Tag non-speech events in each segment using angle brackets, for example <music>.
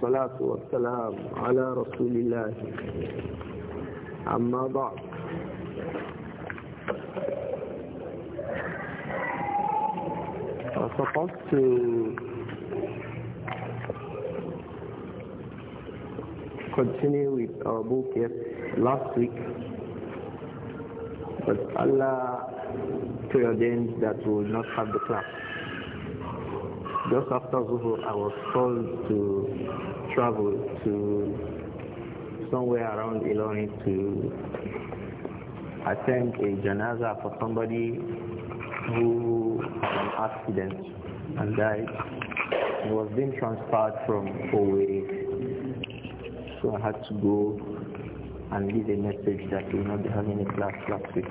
والصلاة والسلام على رسول الله أما بعد فقط to continue with our book yet last week but Allah preordained that we will not have the class Just after Zuhur, I was called to travel to somewhere around Ilorin to attend a janaza for somebody who had an accident and died. He was being transferred from Owerri, so I had to go and leave a message that we will not be having a class last week.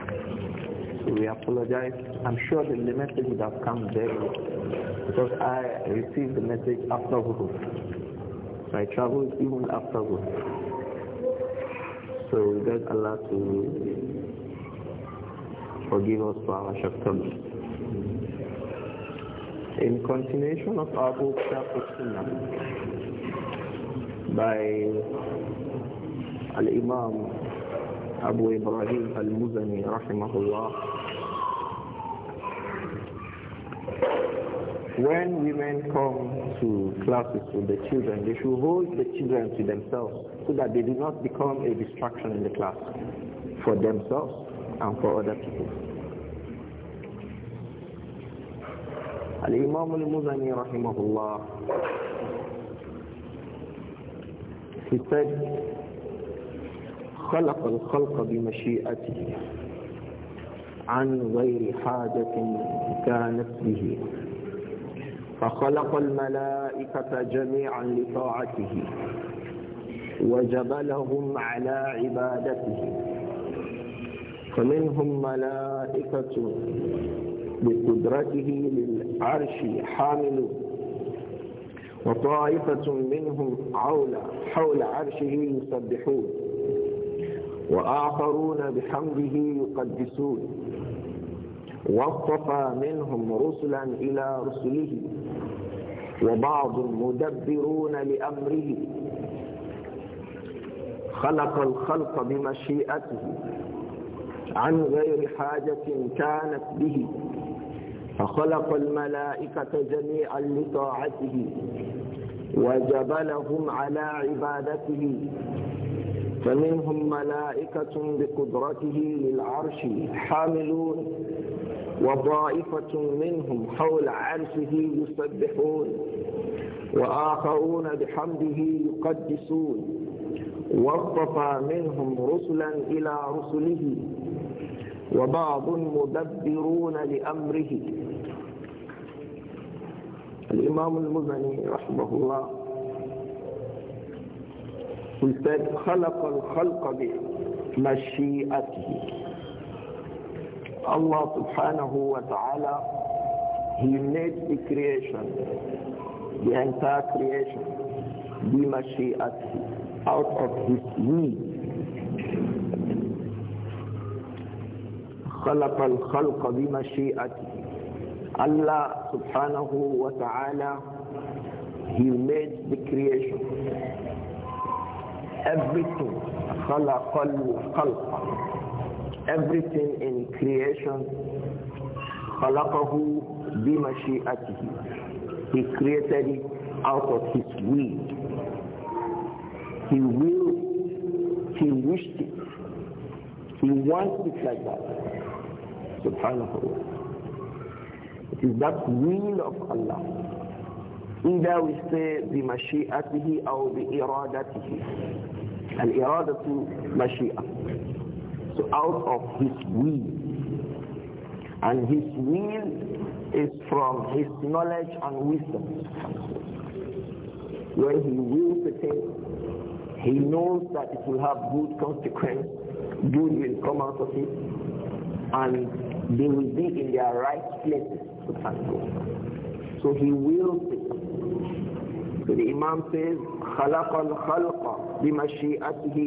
So we apologize. I'm sure that the message would have come very well. Because I received the message after work, I traveled even after work. So we beg Allah to forgive us for our shortcomings. In continuation of our book, Sunnah, by Al-Imam Abu Ibrahim Al-Muzani, rahimahullah, when women come to classes with the children, they should hold the children to themselves so that they do not become a distraction in the class for themselves and for other people. Al-Imam al-Muzani rahimahullah, he said, خلق الخلق بمشيئته عن غير حاجة كانت به فخلق الملائكة جميعا لطاعته وجبلهم على عبادته فمنهم ملائكة بقدرته للعرش حاملون وطائفة منهم حول حول عرشه يسبحون وآخرون بحمده يقدسون واصطفى منهم رسلا إلى رسله وبعض مدبرون لأمره خلق الخلق بمشيئته عن غير حاجة كانت به فخلق الملائكة جميعا لطاعته وجبلهم على عبادته فمنهم ملائكة بقدرته للعرش حاملون وطائفة منهم حول عرشه يسبحون وآخرون بحمده يقدسون واصطفى منهم رسلا إلى رسله وبعض مدبرون لأمره الإمام المزني رحمه الله قلت خلق الخلق بمشيئته Allah subhanahu wa ta'ala, He made the creation, the entire creation, بمشيئته out of His need. خلق الخلق بمشيئته Allah subhanahu wa ta'ala, He made the creation. Everything, خلق الخلق. everything in creation he created it out of his will he willed he wished it he wants it like that subhanahu wa it is that will of Allah either we say بمشيئته أو بإرادته الإرادة مشيئة out of his will. And his will is from his knowledge and wisdom. When he wills a thing, he knows that it will have good consequence, good will come out of it, and they will be in their right places. So he wills it. So the Imam says, خلق الخلق بمشيئته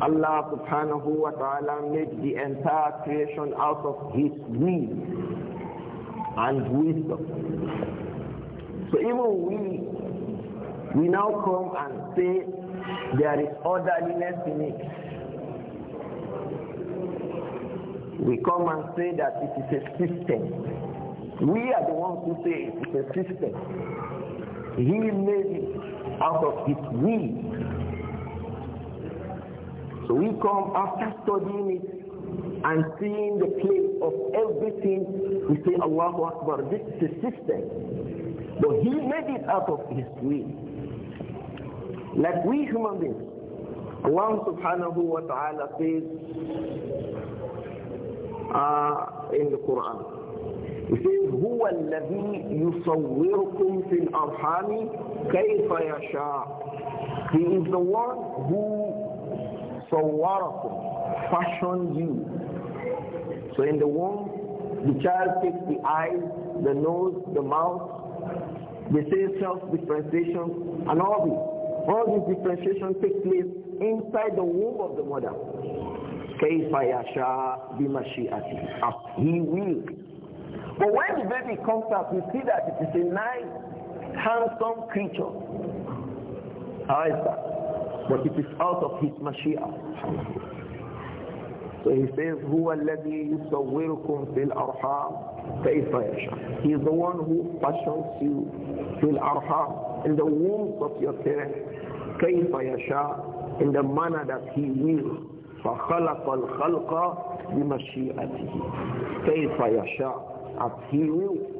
Allah subhanahu wa ta'ala made the entire creation out of his will and wisdom. So even we, we now come and say there is orderliness in it. We come and say that it is a system. We are the ones who say it is a system. He made it out of his will so we come after studying it and seeing the place of everything, we say, Allahu Akbar, this is system. But he made it out of his will. Like we human beings, Allah subhanahu wa ta'ala says uh, in the Quran, he says, هو الذي يصوركم في الأرحام كيف يشاء. He is the one who sawwarakum, fashioned you. So in the womb, the child takes the eyes, the nose, the mouth, they say self-differentiation and all this. All this differentiation takes place inside the womb of the mother. كَيْفَ bimashiati, As he will. But when the baby comes out, we see that it is a nice, handsome creature. How is that? But it is out of his mashia. So he says, هو الذي يصوركم في الأرحام كيف يشاء. He is the one who fashions you في الأرحام in the wombs of your parents كيف يشاء in the manner that he will. فخلق الخلق بمشيئته كيف يشاء. as He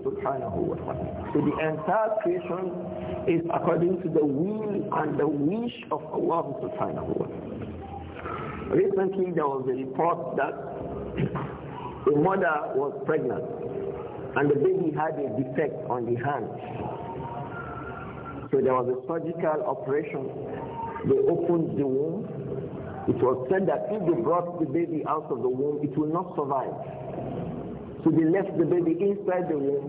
subhanahu wa ta'ala. So the entire creation is according to the will and the wish of Allah subhanahu wa ta'ala. Recently there was a report that a mother was pregnant and the baby had a defect on the hand. So there was a surgical operation. They opened the womb. It was said that if they brought the baby out of the womb, it will not survive. So they left the baby inside the womb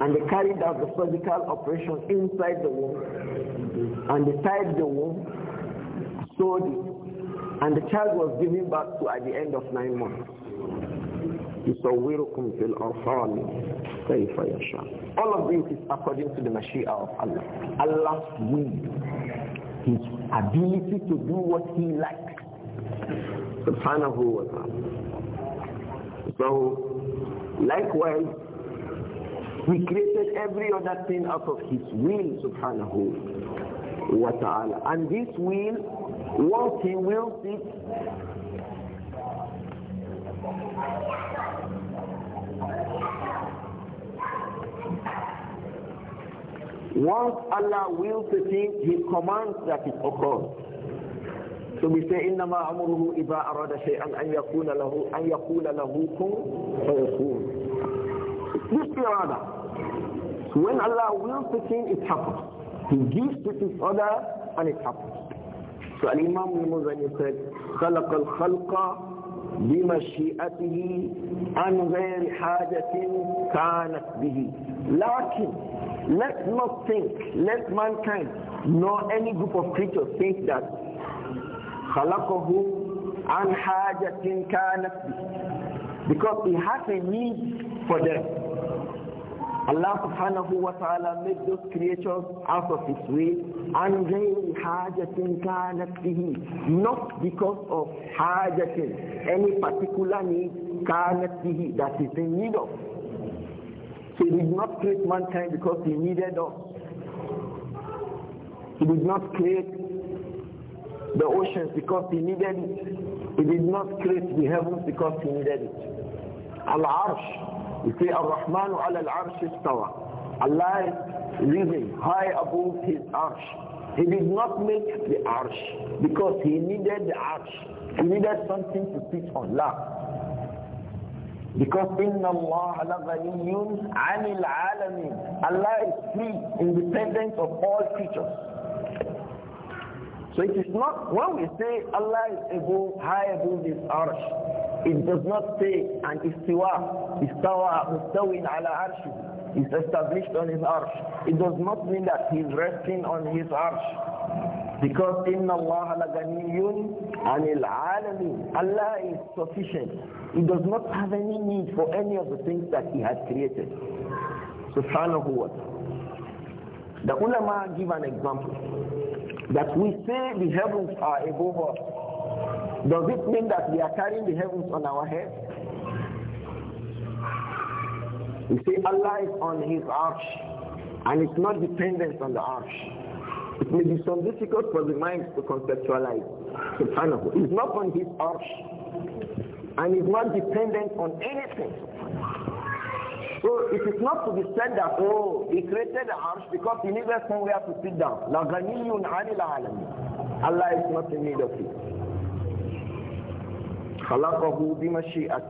and they carried out the surgical operation inside the womb and they tied the womb, sewed it, and the child was given back to at the end of nine months. يصوركم في for your يشاء All of this is according to the Mashiach of Allah. Allah's will, His ability to do what He likes. Subhanahu wa ta'ala. So, likewise, he created every other thing out of his will, subhanahu wa ta'ala. And this will, once he wills it, once Allah wills a thing, he commands that it occurs. So we say إنما أمره إذا أراد شيئا أن يكون له أن يقول له كن فيكون. This irada. So when Allah wills a thing, it happens. He gives to his order and it happens. So Al-Imam al-Muzani said, خلق الخلق بمشيئته عن غير حاجة كانت به لكن let not think let mankind nor any group of creatures think that خلقه عن حاجة كانت به because he has a need for them Allah subhanahu wa ta'ala made those creatures out of his way and they حاجة كانت به not because of حاجة any particular need كانت به that is in need of so he did not create mankind because he needed us he did not create the oceans because he needed it. He did not create the heavens because he needed it. Al-Arsh, you say al rahmanu ala al-Arsh istawa. Allah is living high above his Arsh. He did not make the Arsh because he needed the Arsh. He needed something to sit on. La. Because إِنَّ اللَّهَ لَغَنِيٌّ عَنِ الْعَالَمِينَ Allah is free, independent of all creatures. So it is not, when we say Allah is above, high above this arsh, it does not say an istiwa, istawa, mustawin ala arsh, is established on his arsh. It does not mean that he is resting on his arsh. Because Inna Allah laganiyun anil alamin. Allah is sufficient. He does not have any need for any of the things that he has created. Subhanahu wa ta'ala. The ulama give an example. That we say the heavens are above us. Does it mean that we are carrying the heavens on our head? You see, Allah is on his arch and it's not dependent on the arch. It may be so difficult for the mind to conceptualize. Subhanahu. It's not on his arch and it's not dependent on anything. So it is not to be said that, oh, he created the arch because he needed somewhere to sit down. لَغَنِيٌّ عَنِ الْعَالَمِينَ Allah is not in need of it. خَلَقَهُ بِمَشِيئَةِ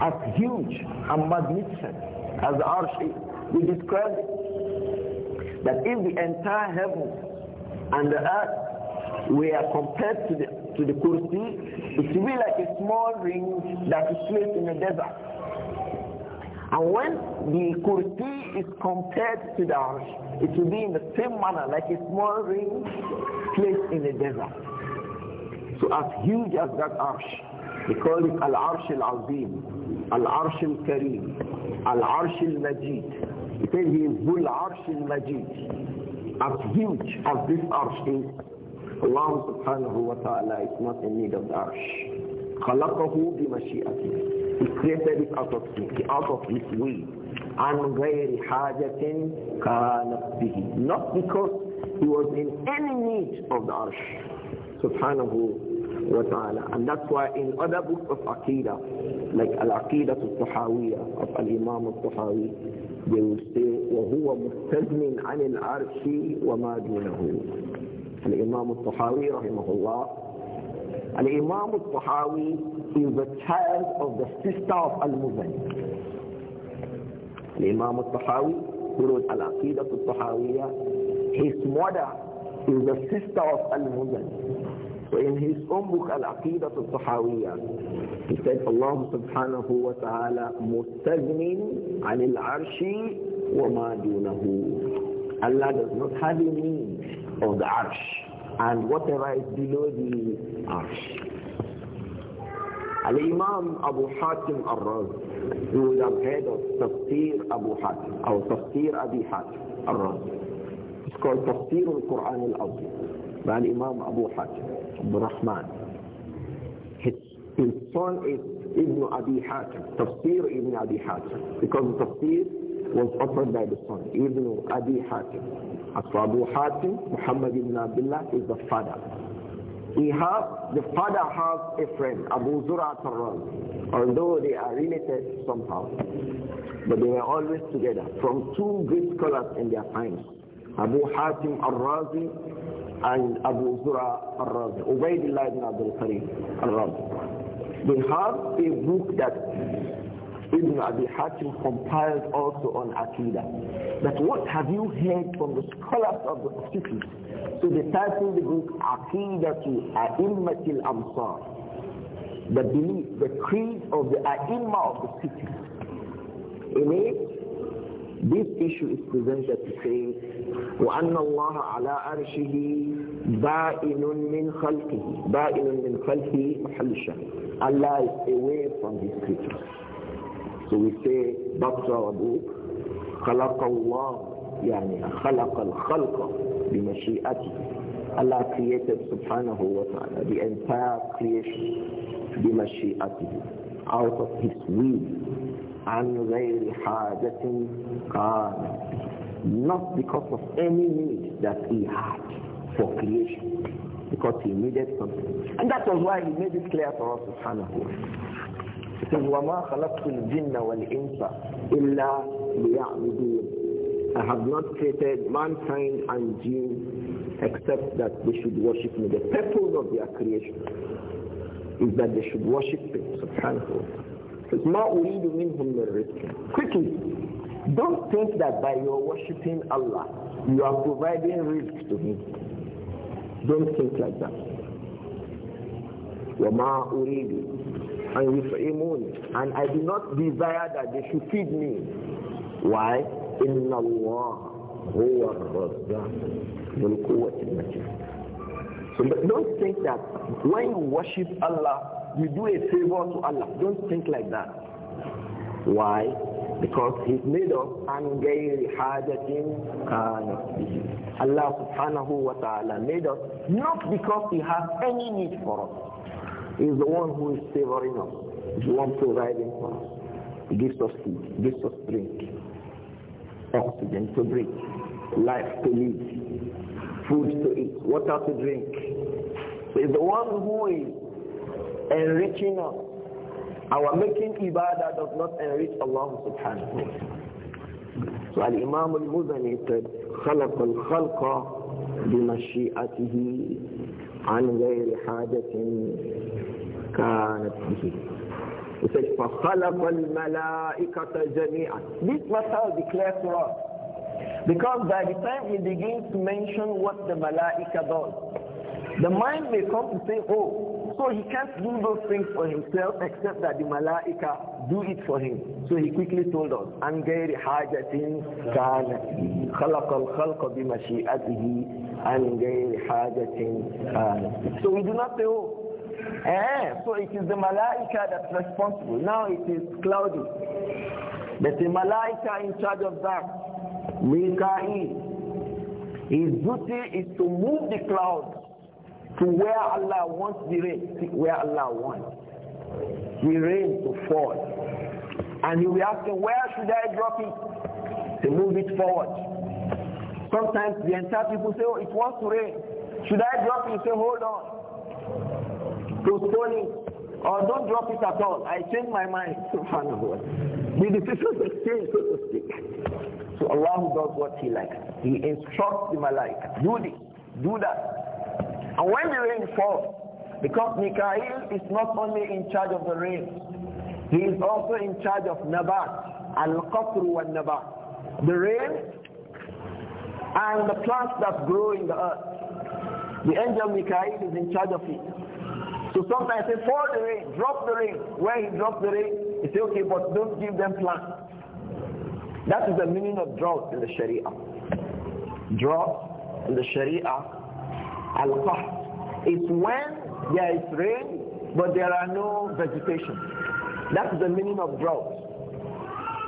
As huge and magnificent as the arsh is, we describe it, that if the entire heaven and the earth were compared to the, to the kursi, it will be like a small ring that is placed in the desert. And when the kurti is compared to the arsh, it will be in the same manner, like a small ring placed in the desert. So as huge as that arsh, they call it al-arsh al-azim, al-arsh al kareem al-arsh al-majid. It says he is bull arsh al-majid. As huge as this arsh is, Allah subhanahu wa ta'ala is not in need of the arsh. خلقه بمشيئته he created it out of his, out of his will. And غير حاجة كانت به. Not because he was in any need of the arsh. Subhanahu wa ta'ala. And that's why in other books of Aqidah, like Al-Aqidah al-Tuhawiyah of Al-Imam al-Tuhawi, they will say, وَهُوَ مُسْتَغْنٍ عَنِ الْعَرْشِ وَمَا دُونَهُ Al-Imam al-Tuhawi rahimahullah Al-Imam al-Tahawi is the child of the sister of Al-Muzani. Al-Imam al-Tahawi, who wrote Al-Aqidah al-Tahawiyah, his mother is the sister of Al-Muzani. So in his own book Al-Aqidah al-Tahawiyah, he said, Allah subhanahu wa ta'ala mustazmin anil arshi wa ma dunahu. Allah does not have any need of the arsh and whatever is below the arsh. Al-Imam Abu Hatim al-Razi, who would have head of Tafsir Abu Hatim, or Tafsir Abi Hatim al-Razi. It's called Tafsir al-Quran al-Azim by Imam Abu Hatim, Abu Rahman. His, his son is Ibn Abi Hatim, Tafsir Ibn Abi Hatim, because Tafsir was offered by the son, Ibn Abi Hatim. Abu Hatim, Muhammad ibn Abdullah is the father. We have, the father has a friend, Abu Zura Tarran, although they are related somehow. But they were always together from two great scholars in their times, Abu Hatim al-Razi and Abu Zura al-Razi, Ubaidullah ibn Abdul Karim al-Razi. They have a book that Ibn Abi Hatim compiled also on Aqidah. That what have you heard from the scholars of the city? So they titled the book Aqidah to A'immatil Amsar. The belief, the creed of the ai of the city. In it, this issue is presented to say, وأن الله على عرشه بائن من خلقه بائن من خلقه محل الشهر Allah is away from his creatures So we say, Babsa Rabu, خلق الله يعني خلق الخلق بمشيئته Allah created subhanahu wa ta'ala the entire creation بمشيئته out of his will عن غير حاجة كان not because of any need that he had for creation because he needed something and that was why he made it clear to us subhanahu wa ta'ala وَمَا خَلَقْتُ الْجِنَّ وَالْإِنسَ إِلَّا لِيَعْبُدُونَ I have not created mankind and jinn except that they should worship me. The purpose of their creation is that they should worship me. Subhanahu wa ta'ala. مَا أُرِيدُ مِنْهُمْ مِنْ رِزْقٍ Quickly, don't think that by your worshipping Allah, you are providing risk to Him. Don't think like that. وَمَا أُرِيدُ and yut'imun. And I do not desire that they should feed me. Why? In Allah. هُوَ الرَّزَّاقُ ذُو so don't think that when you worship Allah, you do a favor to Allah. Don't think like that. Why? Because He's made of angayri hajatin Allah subhanahu wa ta'ala made us not because He has any need for us is the one who is favoring us, is the one providing for us. He gives us food, he gives us drink, oxygen to breathe, life to live, food to eat, water to drink. So is the one who is enriching us. Our making ibadah does not enrich Allah subhanahu wa ta'ala. So Al-Imam Al-Muzani said, خلق الخلق بمشيئته عن غير حاجة he said, فَخَلَقَ الْمَلَائِكَةَ جَمِيعًا This matter will be clear to us. Because by the time he begins to mention what the malaika does, the mind may come to say, oh, so he can't do those things for himself except that the malaika do it for him. So he quickly told us, عن غير حاجة كان خلق الخلق بمشيئته عن غير حاجة كان So we do not say, oh, Eh, so it is the malaika that's responsible. Now it is cloudy. but the malaika in charge of that. is, His duty is to move the clouds to where Allah wants the rain, where Allah wants the rain to fall. And you'll be asking, where should I drop it? To move it forward. Sometimes the entire people say, oh, it wants to rain. Should I drop it? You Say, hold on postpone it or don't drop it at all. I change my mind. <laughs> Subhanahu wa ta'ala. The is exchange, so to speak. So Allah does what He likes. He instructs the malaika, do this, do that. And when the rain falls, because Mikael is not only in charge of the rain, he is also in charge of Nabat, Al-Qasr wa Nabat. The rain and the plants that grow in the earth. The angel Mikael is in charge of it. So sometimes say fall the rain, drop the rain. When he drop the rain, he say, okay, but don't give them plants. That is the meaning of drought in the Sharia. Drought in the Sharia, al-qah, is when there is rain, but there are no vegetation. That is the meaning of drought.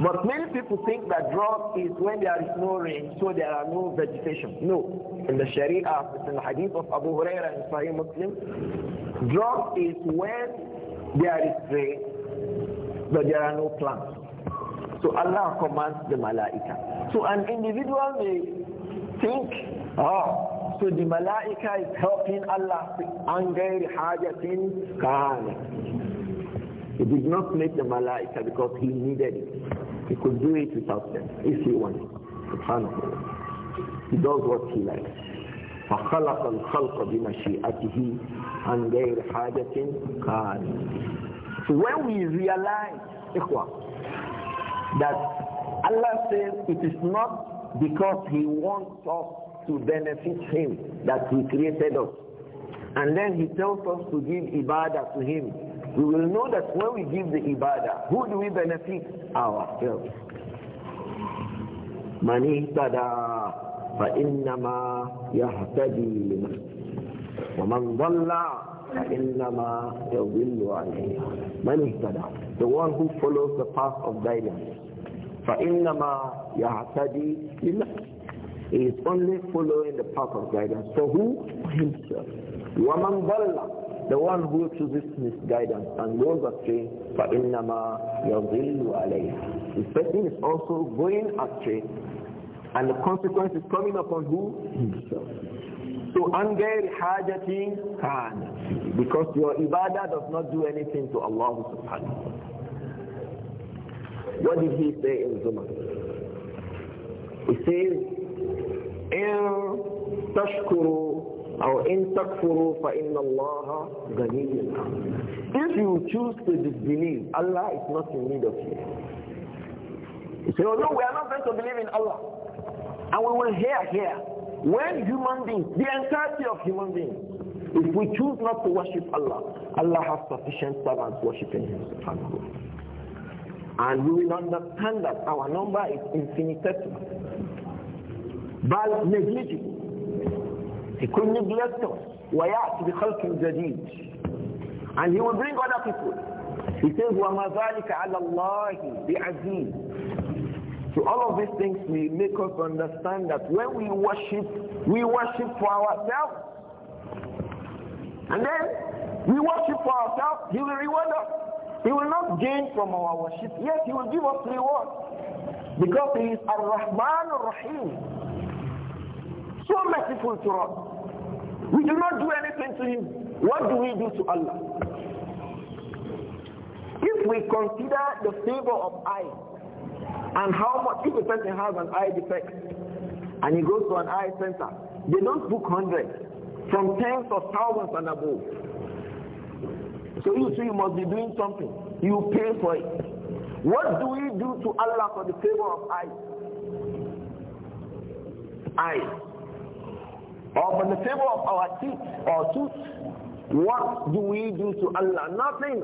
But many people think that drought is when there is no rain, so there are no vegetation. No. In the Sharia, in the hadith of Abu Hurairah in Sahih Muslim, Drought is when there is rain, but there are no plants. So Allah commands the malaika. So an individual may think, oh, so the malaika is helping Allah to anger hajatin kana. He did not make the malaika because he needed it. He could do it without them if he wanted. Subhanahu He does what he likes. فخلق الخلق بمشيئته عن غير حاجة قال So when we realize that Allah says it is not because He wants us to benefit Him that He created us. And then He tells us to give ibadah to Him. We will know that when we give the ibadah, who do we benefit? Ourselves. من اهتدى فإنما يهتدي لنفسه ومن ضل فإنما يضل عليها من اهتدى the one who follows the path of guidance فإنما يهتدي لله he is only following the path of guidance for who? for himself ومن ضل the one who chooses misguidance and goes astray فإنما يضل عليها this person is also going astray and the consequence is coming upon who? himself so anger hajati can because your ibadah does not do anything to Allah subhanahu. What did he say in Zuma? He says, إن تشكروا أو إن تكفروا Inna Allah غني If you choose to disbelieve, Allah is not in need of you. You say, oh no, we are not going to believe in Allah. And we will hear here when human beings, the entirety of human beings, if we choose not to worship Allah, Allah has sufficient servants worshiping Him. And we will understand that our number is infinitesimal, but negligible. He could neglect us. وَيَعْتِ بِخَلْقٍ جَدِيدٍ And He will bring other people. He says, وَمَا ذَلِكَ عَلَى اللَّهِ بِعَزِيزٍ so all of these things will make us understand that when we worship, we worship for ourselves. And then we worship for ourselves, he will reward us. He will not gain from our worship. Yes, he will give us reward. Because he is Ar-Rahman Ar-Rahim. So merciful to us. We do not do anything to him. What do we do to Allah? If we consider the favor of eyes, and how much, if a person has an eye defect and he goes to an eye center, they don't book hundreds, from tens of thousands and above. So you see, you must be doing something. You pay for it. What do we do to Allah for the favor of eyes? Eyes. Or for the favor of our teeth or tooth? What do we do to Allah? Nothing.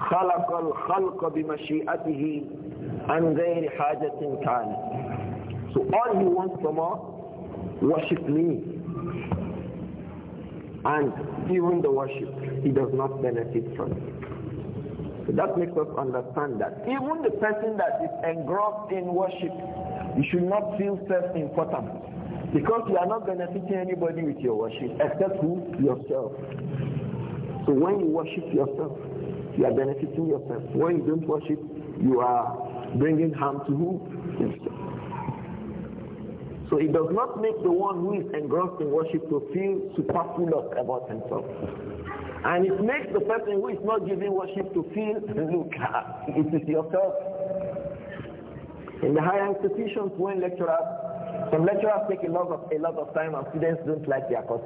خلق الخلق بمشيئته عن غير حاجة كانت. So all he wants from us, worship me. And even the worship, he does not benefit from it. So that makes us understand that even the person that is engrossed in worship, you should not feel self-important. Because you are not benefiting anybody with your worship, except who? Yourself. So when you worship yourself, you are benefiting yourself. When you don't worship, you are bringing harm to who? Himself. So it does not make the one who is engrossed in worship to feel superfluous about himself. And it makes the person who is not giving worship to feel, look, <laughs> it is yourself. In the higher institutions, when lecturers, some lecturers take a lot of a lot of time, and students don't like their course.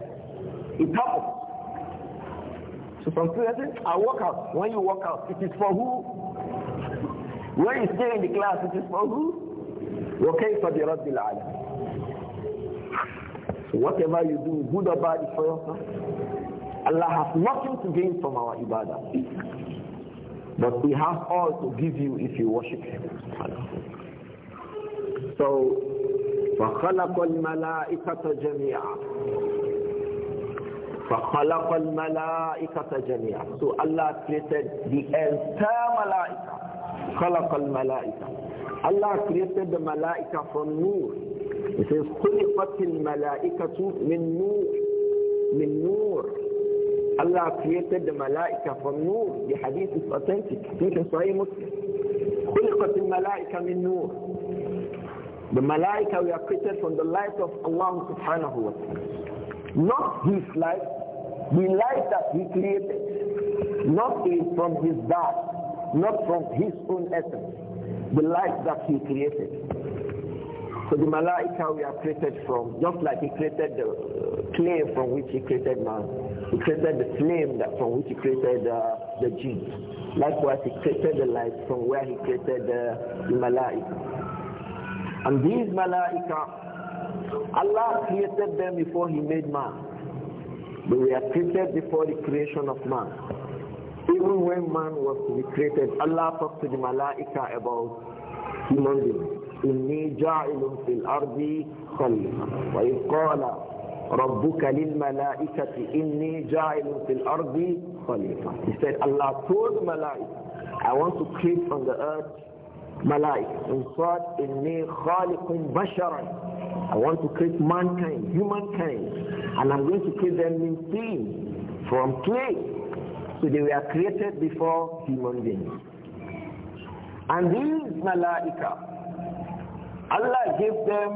It happens. So some students, I walk out. When you walk out, it is for who? When you stay in the class, it is for who? وَكَيْفَ بِرَبِّ الْعَالَمِ so Whatever you do, good or bad, for yourself. Allah has nothing to gain from our ibadah. But He has all to give you if you worship Him. So, فَخَلَقَ الْمَلَائِكَةَ جَمِيعًا فَخَلَقَ الْمَلَائِكَةَ جَمِيعًا So Allah created the entire malaika. خلق الملائكة Allah created the malaika from nur. It says, خلقت الملائكة من نور. من نور. Allah created the malaika from nur. The hadith is authentic. Think in Sahih Muslim. خلقت الملائكة من نور. The malaika are created from the light of Allah subhanahu wa ta'ala. Not his light, the light that he created. Not from his dark not from his own essence, the light that he created. So the malaika we are created from, just like he created the clay uh, from which he created man, he created the flame that from which he created uh, the jinn. Likewise, he created the light from where he created uh, the malaika. And these malaika, Allah created them before he made man. They were created before the creation of man. Even when man was to be created, Allah talked to the Malaika about human beings. إني جاعل في الأرض خليفة وإذ قال ربك للملائكة إني جاعل في الأرض خليفة He said Allah told the Malaika I want to create on the earth Malaika In fact إني خالق بشرا I want to create mankind, humankind and I'm going to create them in clay from clay so they were created before human beings. And these malaika, Allah gave them,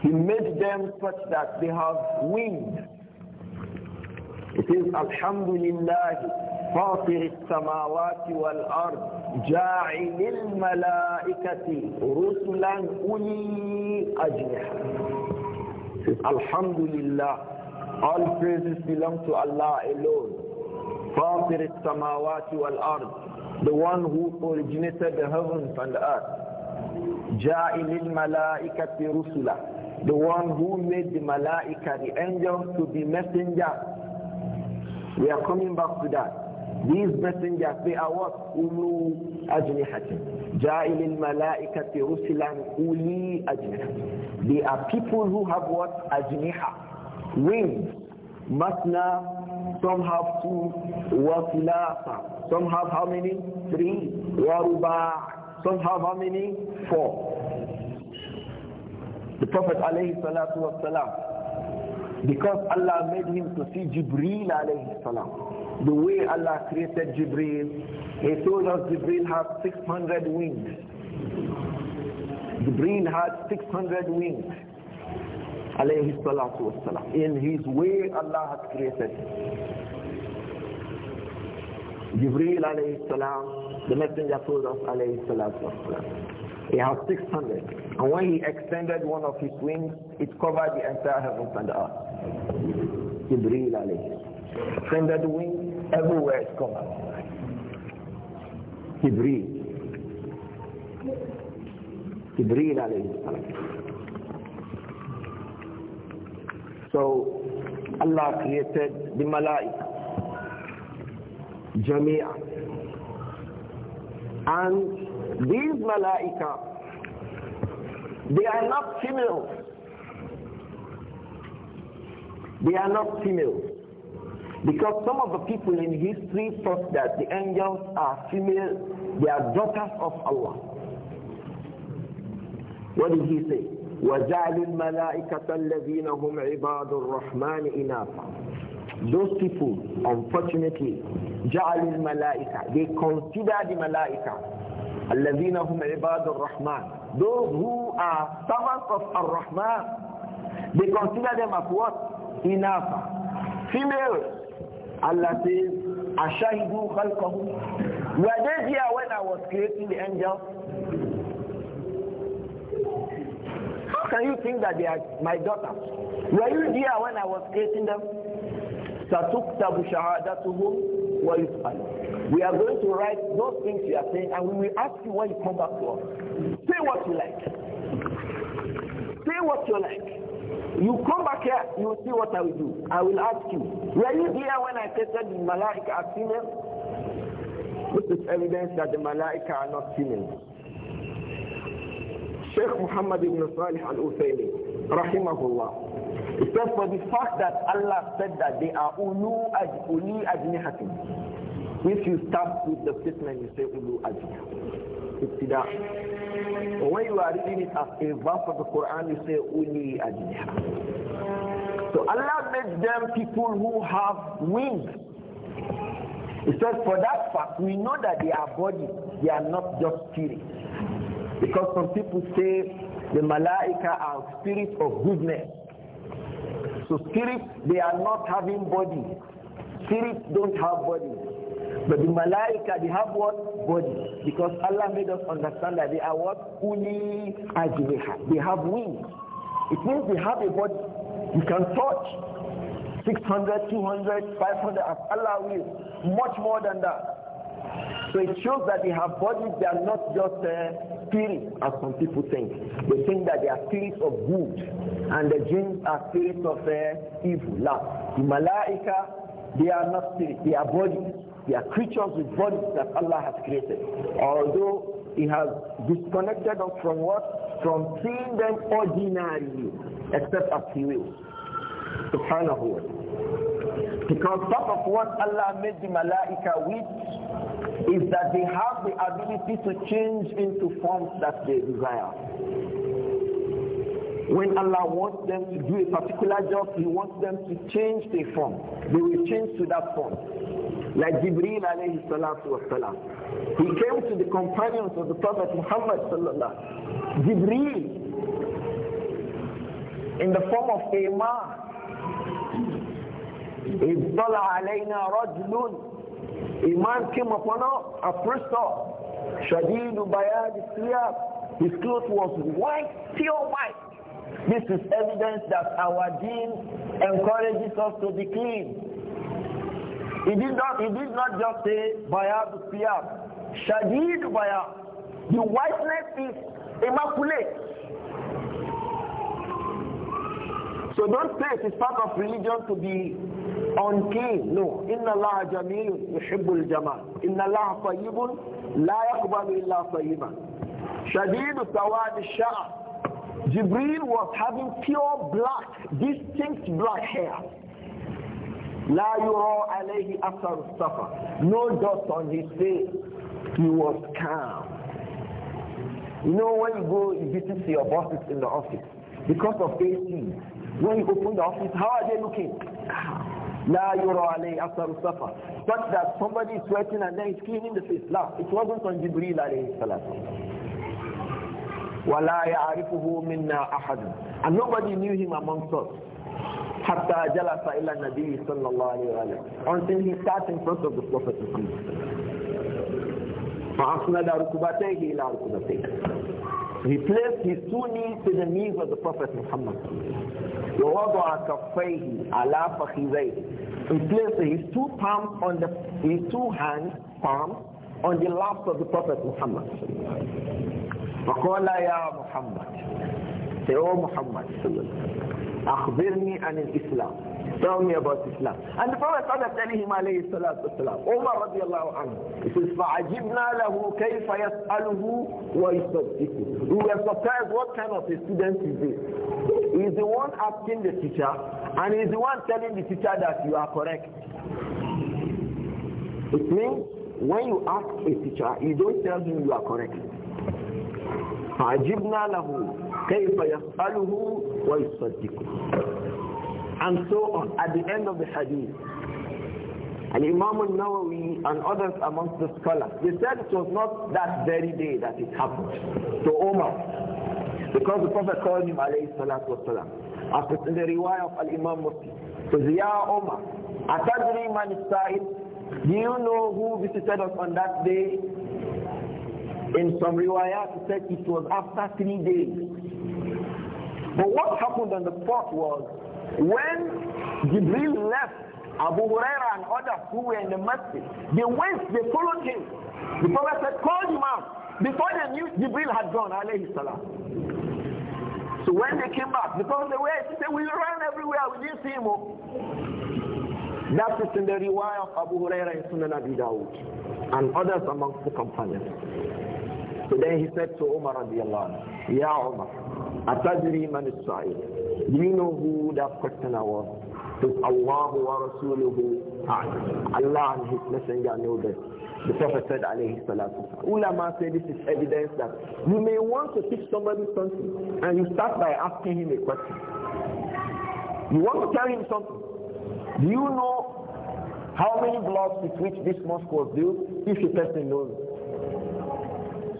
He made them such that they have wings. It is Alhamdulillah فاطر السماوات والأرض جاعل الملائكة رسلا أولي أجنحة الحمد لله All praises belong to Allah alone فاطر السماوات والأرض the one who originated the heavens and the earth جاعل الملائكة رسلا the one who made the malaika the angels to be messengers we are coming back to that these messengers, they are what? Ulu ajnihatin. Ja'ilil malaikati rusulan uli ajnihatin. They are people who have what? Ajniha. Wings. Masna some have two, وَثِلَاثَ Some have how many? Three, waruba. Some have how many? Four. The Prophet alayhi salatu wasalam, because Allah made him to see Jibril alayhi salam, the way Allah created Jibril, he told us Jibril has 600 wings. Jibril had 600 wings alayhi salatu wasalam. In his way Allah has created. Jibreel alayhi salam, the messenger told us alayhi salatu wasalam. He has 600. And when he extended one of his wings, it covered the entire heavens and the earth. Jibreel alayhi Extended wing, everywhere it covered. Jibreel. Jibreel alayhi salam. So Allah created the malaika, jamia. And these malaika, they are not females. They are not females. Because some of the people in history thought that the angels are female, they are daughters of Allah. What did he say? وجعل الملائكة الذين هم عباد الرحمن إناثا those people unfortunately جعل الملائكة they consider the ملائكة الذين هم عباد الرحمن those who are servants of الرحمن they consider them as what إناثا females Allah says أشهدوا خلقهم were they there when I was creating the angels How can you think that they are my daughters? Were you here when I was creating them? satuktabu shahadatuhum wa yus'alun. We are going to write those things you are saying and we will ask you when you come back to us. Say what you like. Say what you like. You come back here, you will see what I will do. I will ask you. Were you here when I tested the malaika as female? This is evidence that the malaika are not female. Sheikh Muhammad ibn Salih al Uthaymeen, rahimahullah. He said, for the fact that Allah said that they are ulu aj, uli ajnihatim. If you start with the statement, you say ulu ajnihatim. Ibtida. When you are reading it as a verse of the Quran, you say uli ajnihatim. So Allah made them people who have wings. He said, for that fact, we know that they are bodies, they are not just spirits. Because some people say the malaika are spirits of goodness. So spirits, they are not having body. Spirits don't have body. But the malaika, they have what? Body. Because Allah made us understand that they are what? Uli ajniha. They have wings. It means they have a body. You can touch, 600, 200, 500 as Allah will, much more than that. So it shows that they have bodies, they are not just uh, Spirit, as some people think. They think that they are spirits of good, and the jinns are spirits of uh, evil. Now, the malaika, they are not spirits, they are bodies. They are creatures with bodies that Allah has created. Although He has disconnected us from what? From seeing them ordinarily, except as He To Subhanahu wa ta'ala. Because part of what Allah made the malaika with is that they have the ability to change into forms that they desire. When Allah wants them to do a particular job, He wants them to change their form. They will change to that form. Like Jibreel alayhi salatu wasalam. He came to the companions of the Prophet Muhammad sallallahu Jibreel in the form of a man. إذ طلع علينا رجل a man came upon her, approached her. Shadidu Bayad His clothes was white, pure white. This is evidence that our deen encourages us to be clean. He did not, he did not just say Bayad Siyab. Shadid Bayad. The whiteness is immaculate. So don't say it is part of religion to be on king No. Inna Allah jamilun yuhibbul jamal. Inna Allah tayyibun la yaqbalu illa tayyiban. Shadidu tawad sha'r. Jibril was having pure black, distinct black hair. La yura alayhi athar safa. No dust on his face. He was calm. You know when you go you visit your bosses in the office because of AC. When you open the office, how are they looking? La yura alayhi asar safa. But that somebody is sweating and then is cleaning the face. La, it wasn't on Jibril alayhi salatu. وَلَا يَعْرِفُهُ مِنَّا أَحَدٌ And nobody knew him amongst us. حَتَّى جَلَسَ إِلَى النَّبِيِّ صَلَّى اللَّهُ عَلَيْهِ وَسَلَّمَ Until he sat in front of the Prophet Muhammad. فَأَسْنَدَ رُكُبَتَيْهِ إِلَى رُكُبَتَيْهِ He placed his two knees to the knees of the Prophet Muhammad ووضع كفيه على فخذيه he placed his two palms on the his two hands palms on the laps of the prophet Muhammad فقال يا محمد say oh Muhammad أخبرني عن الإسلام Tell me about Islam. And the Prophet started telling him, alayhi salatu wasalam, Umar radiallahu anhu, he says, فَعَجِبْنَا لَهُ كَيْفَ يَسْأَلُهُ وَيُصَدِّقُهُ We were surprised what kind of a student is this. He's the one asking the teacher, and he's the one telling the teacher that you are correct. It means, when you ask a teacher, you don't tell him you are correct. فَعَجِبْنَا لَهُ كَيْفَ يَسْأَلُهُ وَيُصَدِّقُهُ and so on at the end of the hadith. And Imam al-Nawawi and others amongst the scholars, they said it was not that very day that it happened to Omar. Because the Prophet called him alayhi salatu wasalam. As it's in the riwayah of al-Imam Muslim. So Ya Omar, Atadri man do you know who visited us on that day? In some riwayah, he said it was after three days. But what happened on the fourth was when Jibril left Abu Huraira and others who were in the masjid, they went, they followed him. The Prophet said, call him out. Before they knew Jibril had gone, alayhi salam. So when they came back, the Prophet said, where? said, we ran everywhere, we didn't see him. Oh. That is in the riwayah of Abu Huraira and Sunan Abi Dawud and others amongst the companions. So then he said to Umar radiallahu anhu, Ya Umar, أتدري من السائل do you know who that questioner was? It was Allah wa Rasuluhu Allah and His Messenger know this. The Prophet said, alayhi salatu Ulama say this is evidence that you may want to teach somebody something and you start by asking him a question. You want to tell him something. Do you know how many blocks with which this mosque was built? If the person knows.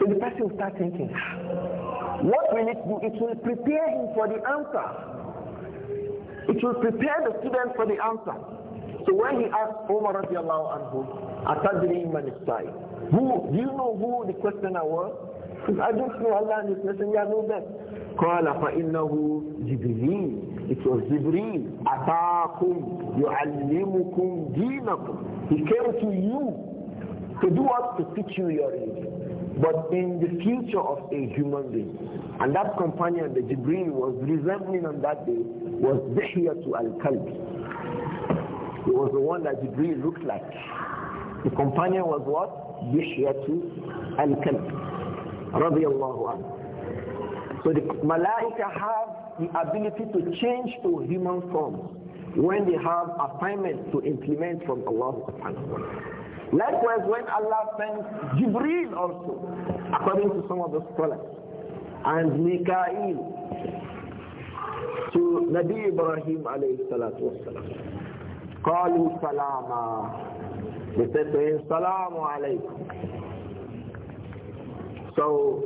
So the person will start thinking, ah, what will it do? It will prepare him for the answer. It will prepare the student for the answer. So when he asked Umar radiallahu anhu, Atadri man Who, do you know who the questioner was? I don't know Allah and His Messenger know that. قال فإنه جبريل it was Jibreel أتاكم يعلمكم دينكم he came to you to do what to teach you your religion but in the future of a human being and that companion the Jibreel was resembling on that day was to al-Kalbi. He was the one that Jibreel looked like. The companion was what? to al-Kalbi. Radiallahu anhu. So the Malaika have the ability to change to human form when they have assignments to implement from Allah subhanahu wa ta'ala. Likewise, when Allah sends Jibreel also, according to some of the scholars, and Mikael, to Nabi Ibrahim alayhi salatu wasalam. قالوا سلاما They said to him, Salamu alaykum. So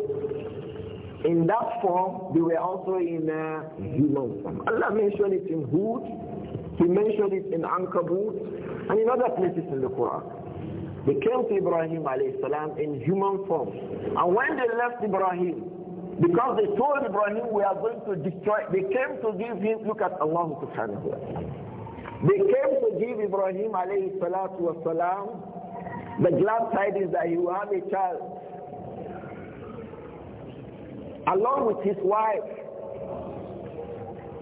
in that form, they were also in uh, human form. Allah mentioned it in Hud, He mentioned it in Ankabut, and in other places in the Quran. They came to Ibrahim salam in human form. And when they left Ibrahim, because they told Ibrahim, we are going to destroy. They came to give him, look at Allah subhanahu wa ta'ala. They came to give Ibrahim alayhi salatu wa salam the glad tidings that he will have a child. Along with his wife,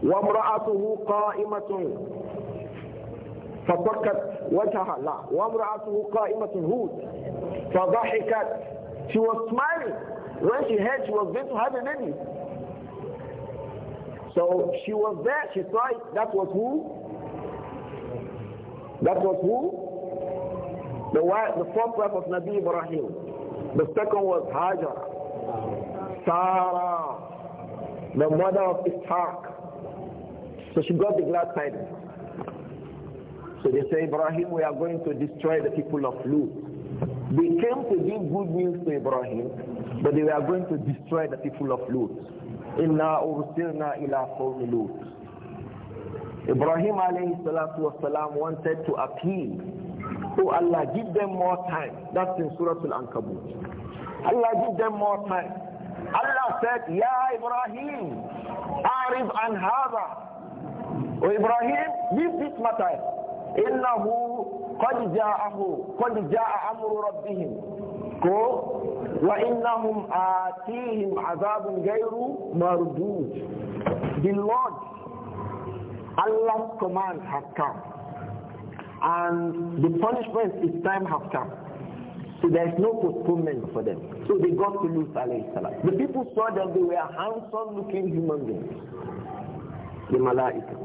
وامرأته قائمة فبكت وجهها لا وامرأته قائمة هود فضحكت she was smiling when she heard she was going to have a baby. So she was there, she saw it. That was who? That was who? The wife, the fourth wife of Nabi Ibrahim. The second was Hajar. Sarah, the mother of Ishaq. So she got the glad tidings. So they say, Ibrahim, we are going to destroy the people of Lut. They came to give good news to Ibrahim, but they were going to destroy the people of Lut. Inna ursilna ila qawmi Lut. Ibrahim alayhi salatu wasalam wanted to appeal. to oh Allah, give them more time. That's in Surah Al-Ankabut. Allah, give them more time. Allah said, Ya Ibrahim, Arif an hada. O oh Ibrahim, leave this matter. Innahu قد جاءه قد جاء أمر ربهم كو وإنهم آتيهم عذاب غير مردود The Lord Allah's command has come and the punishment is time has come so there is no postponement for them so they got to lose alayhi salam the people saw that they were handsome looking human beings the malaika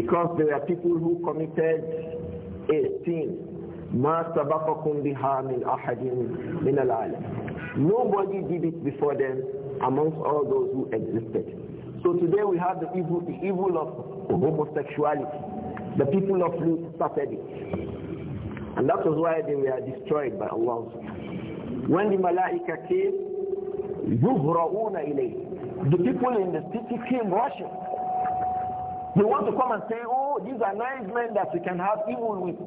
because there were people who committed 18 ما سبقكم بها من min al-alam. nobody did it before them amongst all those who existed so today we have the evil the evil of homosexuality the people of Lut started it and that was why they were destroyed by Allah when the malaika came the people in the city came rushing they want to come and say, oh, these are nice men that we can have evil with.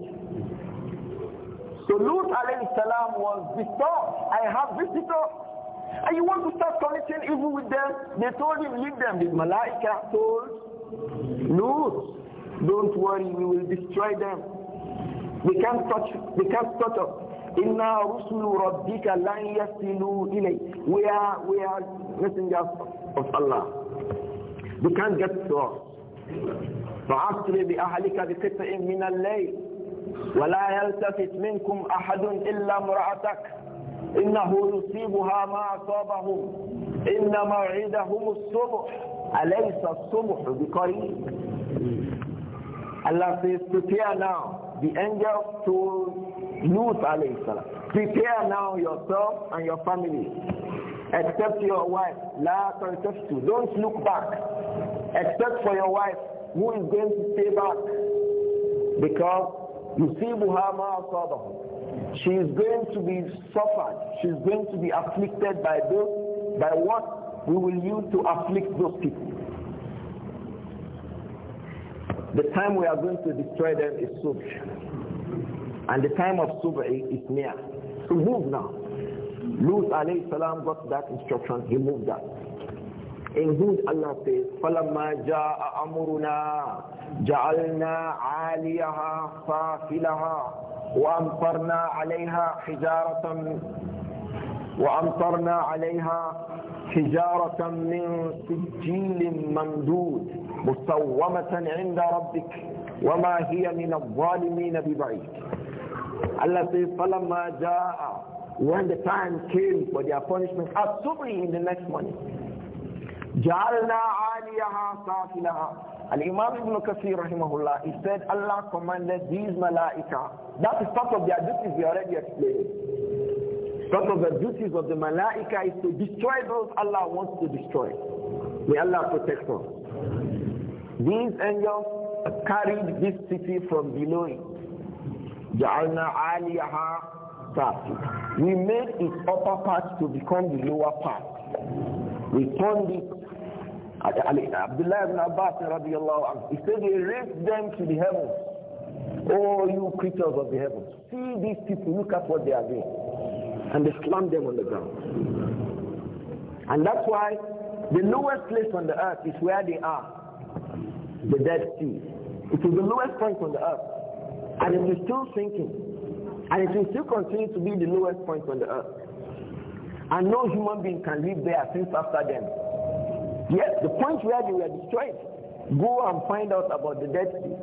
So Lut alayhi salam was disturbed. I have visitors. And you want to start committing evil with them? They told him, leave them. The Malaika told Lut, don't worry, we will destroy them. They can't touch, they can't touch us. Inna rusulu rabbika lan yasilu ilay. We are, we are messengers of Allah. They can't get to us. فعصر بأهلك بقطع من الليل ولا يلتفت منكم أحد إلا امرأتك إنه يصيبها ما أصابهم إن موعدهم الصبح أليس الصبح بقريب Allah says prepare now the angel to Lut alayhi salam prepare now yourself and your family accept your wife la tantafitu don't look back except for your wife who is going to stay back because you see Muhammad she is going to be suffered she is going to be afflicted by those by what we will use to afflict those people the time we are going to destroy them is soon and the time of subh is near so move now Luz alayhi salam got that instruction he moved that In Hud, Allah says, فَلَمَّا جَاءَ أَمُرُنَا جَعَلْنَا عَالِيَهَا صَافِلَهَا وَأَمْطَرْنَا عَلَيْهَا حِجَارَةً وأمطرنا عليها حجارة من سجيل ممدود مصومة عند ربك وما هي من الظالمين ببعيد التي فلما جاء when the time came for their punishment as in the next morning جعلنا عاليها سافلها Al-Imam Ibn Kathir rahimahullah, he said Allah commanded these malaika. That is part of their duties we already explained. Part of the duties of the malaika is to destroy those Allah wants to destroy. May Allah protect us. These angels carried this city from below it. Ja'alna 'aliyaha safila. We made its upper part to become the lower part. We turned it Abdullah ibn Abbas radiallahu anhu, he said, "He raised them to the heavens. Oh, you creatures of the heavens, see these people, look at what they are doing. And they slam them on the ground. And that's why the lowest place on the earth is where they are, the Dead Sea. It is the lowest point on the earth. And it is still sinking. And it will still continue to be the lowest point on the earth. And no human being can live there since after them. Yes, the point where they were destroyed. Go and find out about the Dead Sea.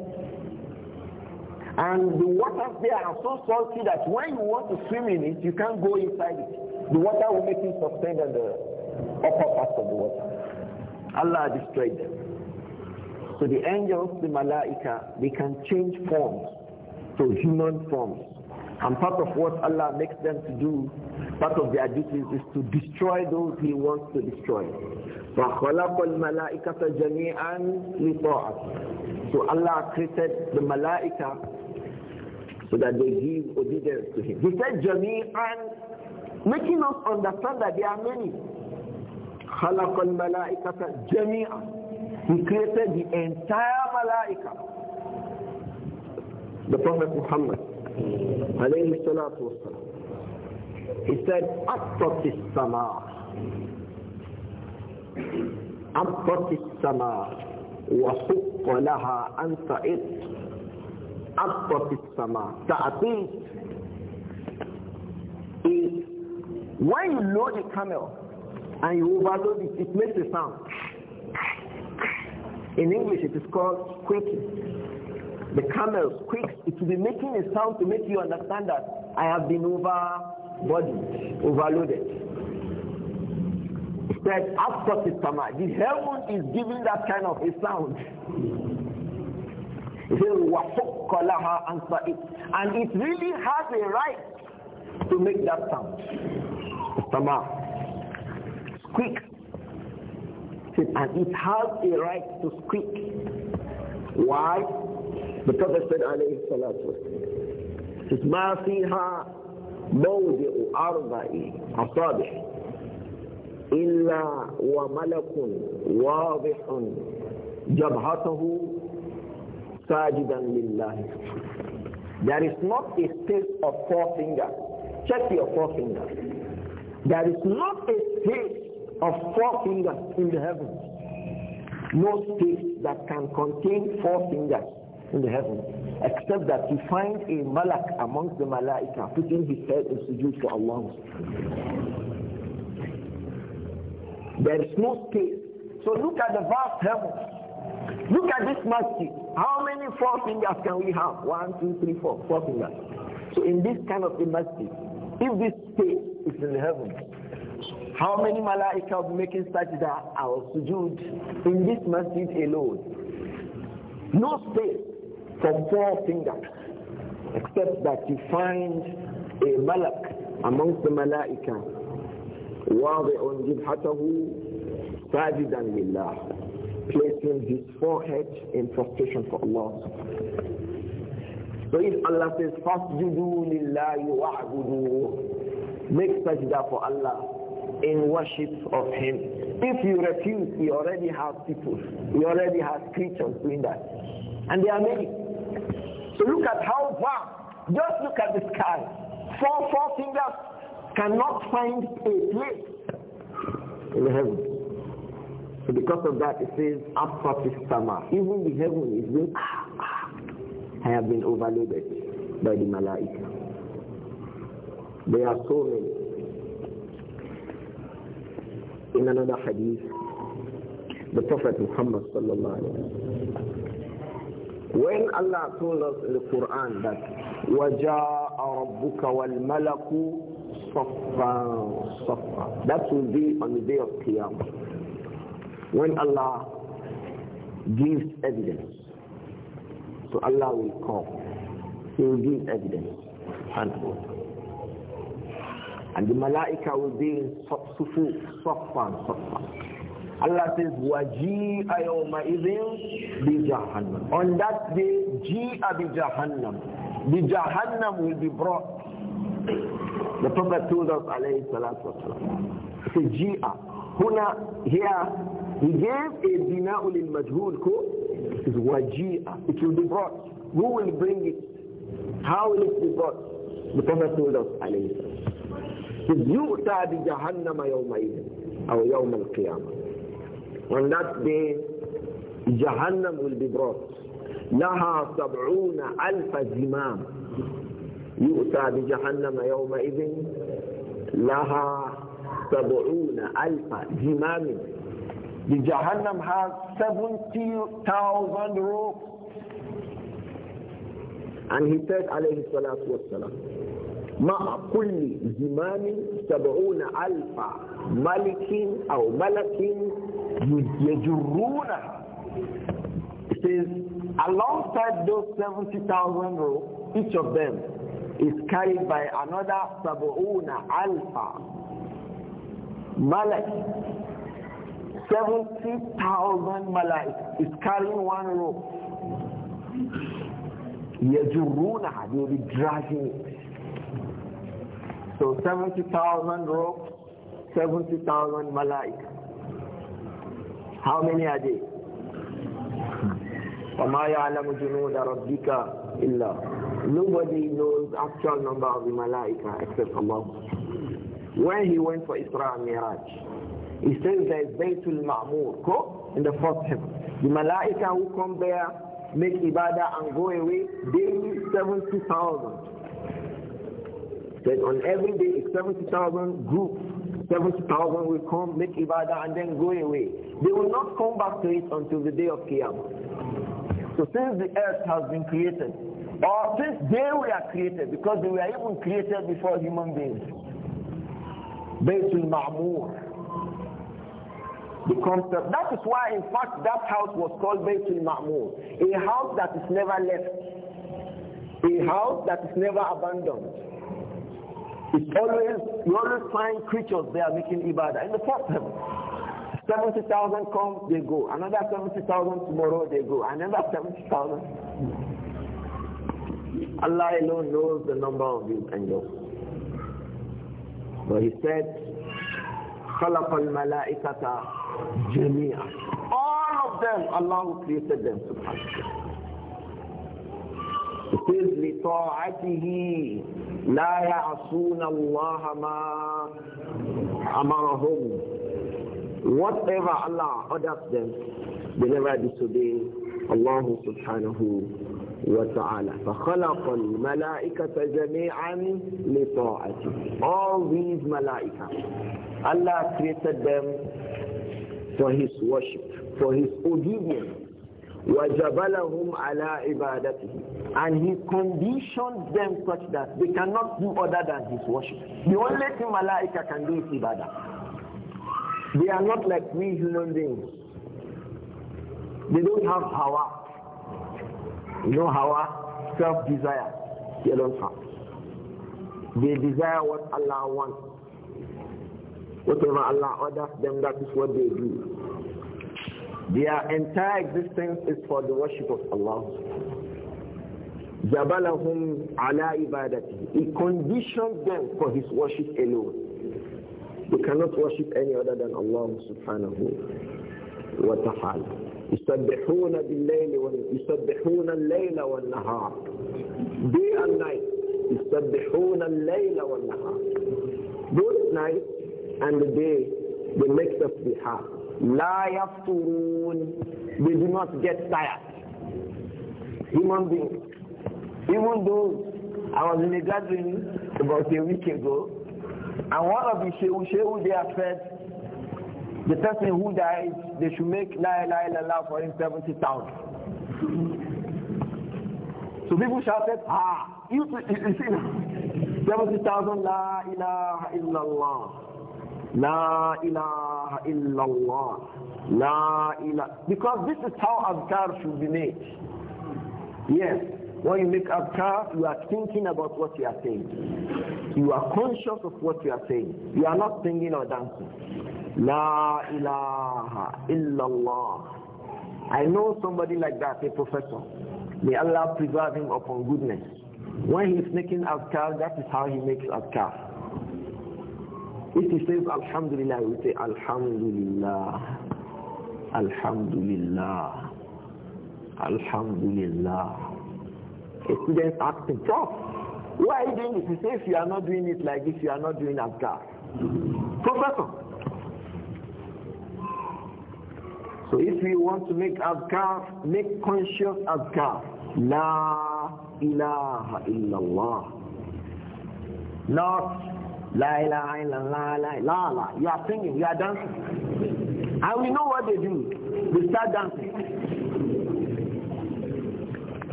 And the waters there are so salty that when you want to swim in it, you can't go inside it. The water will make you suspend on the upper part of the water. Allah destroyed them. So the angels, the malaika, they can change forms to human forms. And part of what Allah makes them to do, part of their duties is to destroy those he wants to destroy. فَخَلَقَ الْمَلَائِكَةَ جَمِيعًا لطاعته. So Allah created the malaika so that they give obedience to him. He said جَمِيعًا making us understand that there are many. خَلَقَ الْمَلَائِكَةَ جَمِيعًا He created the entire malaika. The Prophet Muhammad alayhi salatu wasalam. He said, أَطَّتِ السَّمَاءِ أمطت السماء وحق لها أن تعط أمطت السماء تعطيت is when you load a camel and you overload it, it makes a sound. In English, it is called squeaking. The camel squeaks. It will be making a sound to make you understand that I have been overloaded said, After the heaven is giving that kind of a sound. And it really has a right to make that sound. Tama. Squeak. And it has a right to squeak. Why? Because I said, alayhi salatu wasalam, مَا فِيهَا مَوْضِعُ أَرْبَعِ أَصَابِعِ إلا وملك واضح جبهته ساجدا لله There is not a space of four fingers. Check your four fingers. There is not a space of four fingers in the heavens. No space that can contain four fingers in the heavens, except that you find a malak amongst the malaika putting his head in sujood for Allah. There is no space. So look at the vast heaven. Look at this masjid. How many four fingers can we have? One, two, three, four. Four fingers. So in this kind of a masjid, if this space is in heaven, how many malaika will be making that our sujood in this masjid alone? No space for four fingers, except that you find a malak amongst the malaika واضع جبهته ساجدا لله placing his forehead in prostration for Allah. So if Allah says, فَاسْجُدُوا لِلَّهِ وَاعْبُدُوا Make sajda for Allah in worship of Him. If you refuse, He already has people. He already has creatures doing that. And they are many. So look at how vast. Just look at the sky. Four, four fingers cannot find a place in heaven. So because of that, it says, after this summer, even the heaven is being, ah, ah, I have been overloaded by the malaika. There are so many. In another hadith, the Prophet Muhammad sallallahu alaihi wasallam when Allah told us in the Quran that وَجَاءَ رَبُّكَ وَالْمَلَكُ صفا That will be on the day of Qiyamah. When Allah gives evidence. So Allah will come. He will give evidence. Handful. And the malaika will be in sufu, safan, Allah says, وَجِيءَ يَوْمَئِذٍ بِجَهَنَّمَ On that day, جِيءَ بِجَهَنَّمَ The Jahannam will be brought The Prophet told us, alayhi salatu wasalam, say, Jia, huna, here, he gave a bina'u lil majhul ko, it is waji'a, it will be brought. Who will bring it? How will it be brought? The Prophet told us, alayhi salatu He said, yu'ta bi jahannama yawma بجهنم يومئذ yawma al القيامة On that day, Jahannam will be brought. لها sab'una alfa زمام يؤتى بجهنم يومئذ لها سبعون ألف زمام The Jahannam has 70,000 ropes. And he said, alayhi salatu wassalam, مع كل زمام سبعون ألف ملك أو ملك يجرونها. It says, alongside those 70,000 ropes, each of them is carried by another Sabu'una Alpha Malak. 70,000 malaik is carrying one rope. Yajuruna, they will be dragging it. So 70,000 ropes, 70,000 Malaik. How many are they? وما يعلم جنود ربك illah. Nobody knows actual number of the malaika except Allah. When he went for Isra and Miraj, he says there is Baytul Ma'mur, in the first heaven. The malaika who come there, make ibadah and go away, daily 70,000. Said on every day, 70,000 groups 70,000 will come, make ibadah, and then go away. They will not come back to it until the day of Qiyamah. So since the earth has been created, or since they were created, because they were even created before human beings, Baytul Ma'mur, the concept, that is why in fact that house was called Baytul Ma'mur, a house that is never left, a house that is never abandoned. It's always, you always find creatures there making ibadah in the fourth heaven. 70,000 come, they go. Another 70,000 tomorrow, they go. Another 70,000. Allah alone knows the number of these angels. But he said, خَلَقَ الْمَلَائِكَةَ جَمِيعًا All of them, Allah created them, subhanahu إذ لطاعته لا يعصون الله ما أمرهم Whatever Allah orders them, they never disobey Allah subhanahu wa فخلق الملائكة جميعا لطاعته all these malaika Allah created them for his worship for his obedience وجبلهم على عبادته and he conditioned them such that they cannot do other than his worship the only thing malaika can do is ibadah they are not like we human beings. They don't have power, You know hawa? Self-desire. They don't have. They desire what Allah wants. Whatever Allah orders them, that is what they do. Their entire existence is for the worship of Allah. Zabalahum ala ibadati. He conditioned them for his worship alone. You cannot worship any other than Allah subhanahu wa ta'ala. يسبحون بالليل وال... يسبحون الليل والنهار. Day and night. يسبحون الليل والنهار. Both night and the day, they make tasbihah. لا يفطرون. They do not get tired. Human beings. Even though I was in a gathering about a week ago, and one of the shehu, they have said, the person who dies, they should make la ilaha illallah for him 70,000. So people shouted, ah, you, you, you see, 70,000 la ilaha illallah. La ilaha illallah. La ilaha. Because this is how adhkar should be made. Yes, when you make adhkar, you are thinking about what you are saying you are conscious of what you are saying. You are not singing or dancing. La ilaha illallah. I know somebody like that, a professor. May Allah preserve him upon goodness. When he's making azkar, that is how he makes azkar. If he says Alhamdulillah, we say Alhamdulillah, Alhamdulillah, Alhamdulillah. A student asking, Prof, why are you doing this? He says, you are not doing it like this, you are not doing as Azkar. Professor. So if you want to make Azkar, make conscious Azkar. La ilaha illallah. Not la ilaha illallah, la la la. You are singing, you are dancing. And we know what they do. They start dancing.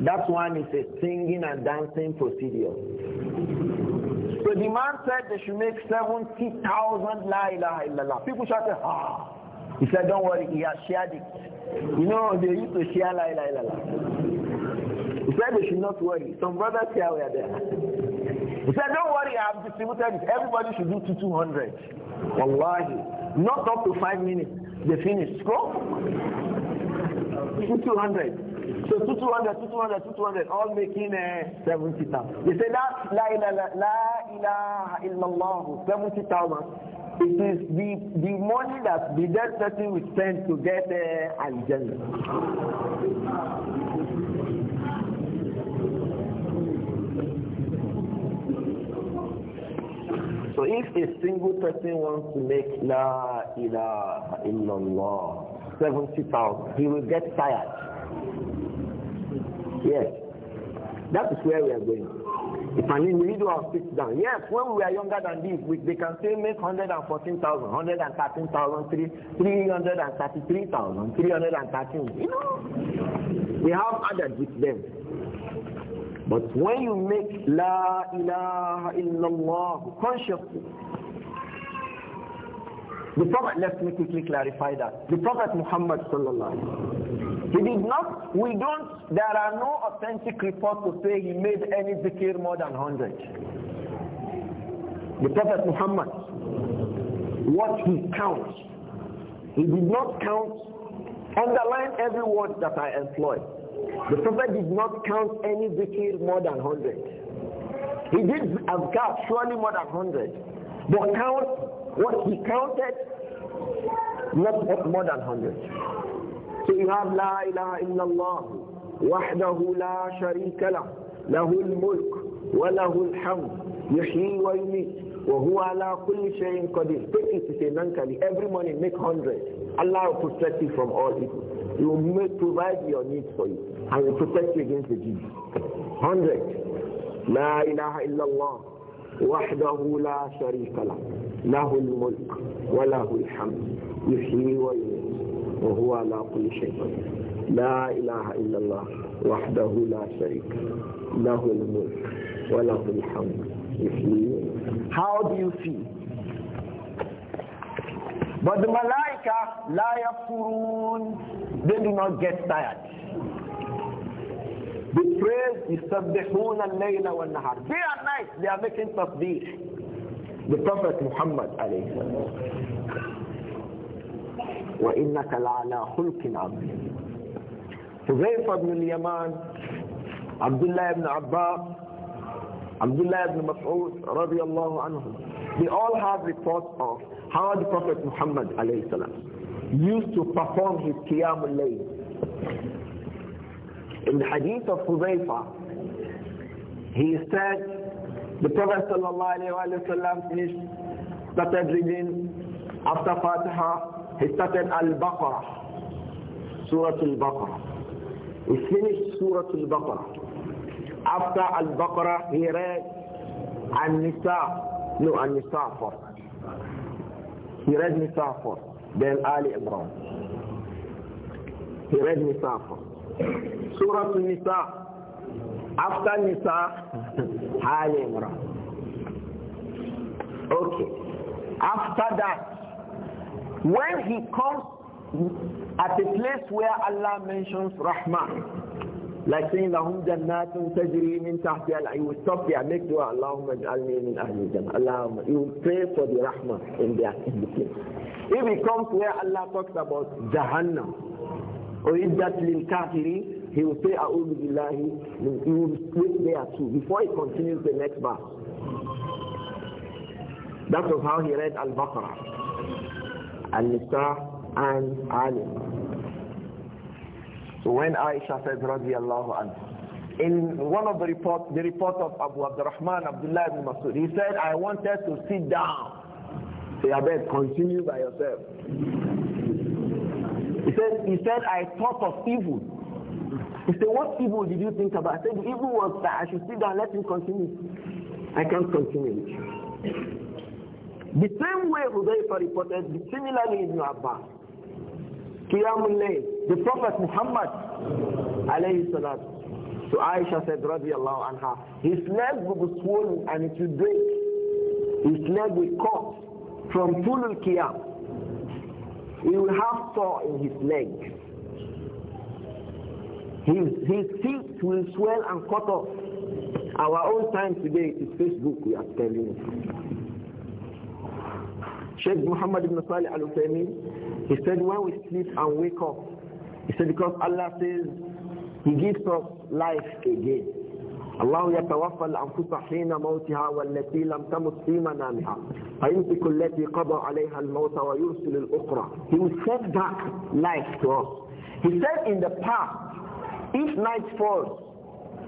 That one is a singing and dancing procedure. So the man said they should make 70,000 la ilaha illallah. People shouted, ah. He said, don't worry, he has shared it. You know, they used to share la ilaha illallah. He said they should not worry. Some brothers here were there. He said, don't worry, I have distributed it. Everybody should do to 200. Wallahi. Not up to five minutes. They finished. Go. 200. So 200, 200, 200, all making uh, 70,000. They say that la ilaha, la ilaha illallah, 70,000. It is the, the money that the dead person will spend to get uh, al Jannah. So if a single person wants to make La ilaha illallah, 70,000, he will get tired. Yes. That is where we are going. If an individual sits down, yes, when we are younger than this, we, they can say make 114,000, 113,000, 333,000, 313. You know, we have others with them. But when you make La ilaha illallah consciously, the Prophet, let me quickly clarify that. The Prophet Muhammad sallallahu he did not, we don't, there are no authentic reports to say he made any zikr more than 100. The Prophet Muhammad, what he counts, he did not count, underline every word that I employ. The Prophet did not count any zikr more than 100. He did azkar surely more than 100. But count, what he counted, not more than 100. So لا إله إلا الله وحده لا شريك له له الملك وله الحمد يحيي ويميت وهو على كل شيء قدير take it to financially every morning make hundred Allah will protect you from all evil he will make, provide your needs for you and will protect you against the deeds hundred لا إله إلا الله وحده لا شريك له له الملك وله الحمد يحيي ويميت وهو على كل شيء لا إله إلا الله وحده لا شريك له الملك وله الحمد How do you feel? But the malaika, la yafurun, they do not get tired. The praise is tabbihun al-layla wal-nahar. Day and night, they are making tasbih. The Prophet Muhammad, alayhi وَإِنَّكَ لَعَلَىٰ خُلْقٍ عَظِيمٍ Huzaifa ibn al-Yaman, Abdullah ibn Abbas, Abdullah ibn Mas'ud radiyallahu anhu, they all have reports of how the Prophet Muhammad used to perform his Qiyam al-Layl. In the hadith of Huzaifa, he said, the Prophet sallallahu alayhi wa sallam finished, started reading after Fatiha, He started Al-Baqarah, Surah Al-Baqarah. He finished Surah Al-Baqarah. After Al-Baqarah, he read An-Nisa. No, An-Nisa first. He read Nisa first, then Ali Imran. He read Nisa first. Surah Al-Nisa. After Nisa, Ali Imran. Okay. After that, When he comes at the place where Allah mentions Rahman, like saying, lahum jannatun تَجْرِي مِنْ تَحْتِهَا You will stop there, make dua, Allahumma ja'alni min ahli jannah. Allahumma, you will pray for the Rahman in the, in the place. If he comes where Allah talks about Jahannam, or if that lil kafirin, he will say A'udhu Billahi he will wait there too before he continues the next verse that was how he read Al-Baqarah Al-Nisa and Ali. So when Aisha said, radiallahu anhu, in one of the reports, the report of Abu Abdurrahman Abdullah ibn Masud, he said, I wanted to sit down. Say, so Abed, continue by yourself. He said, he said, I thought of evil. He said, what evil did you think about? I said, the evil was that I should sit down, let him continue. I can't continue the same way Hudayfa reported, similarly in Abbas. Qiyamul Layl, the Prophet Muhammad alayhi salatu. So Aisha said, radiallahu anha, his leg will be swollen and it will break. His leg will cut from Tulul Qiyam. He will have sore in his leg. His, his feet will swell and cut off. Our own time today, is Facebook we are telling you. Sheikh Muhammad ibn Salih al Uthaymeen, he said, when we sleep and wake up, he said, because Allah says, He gives us life again. الله يتوفى الأنفس حين موتها والتي لم تمت في منامها فيمسك التي قضى عليها الموت ويرسل الأخرى He will send back life to us. He said in the past, if night falls,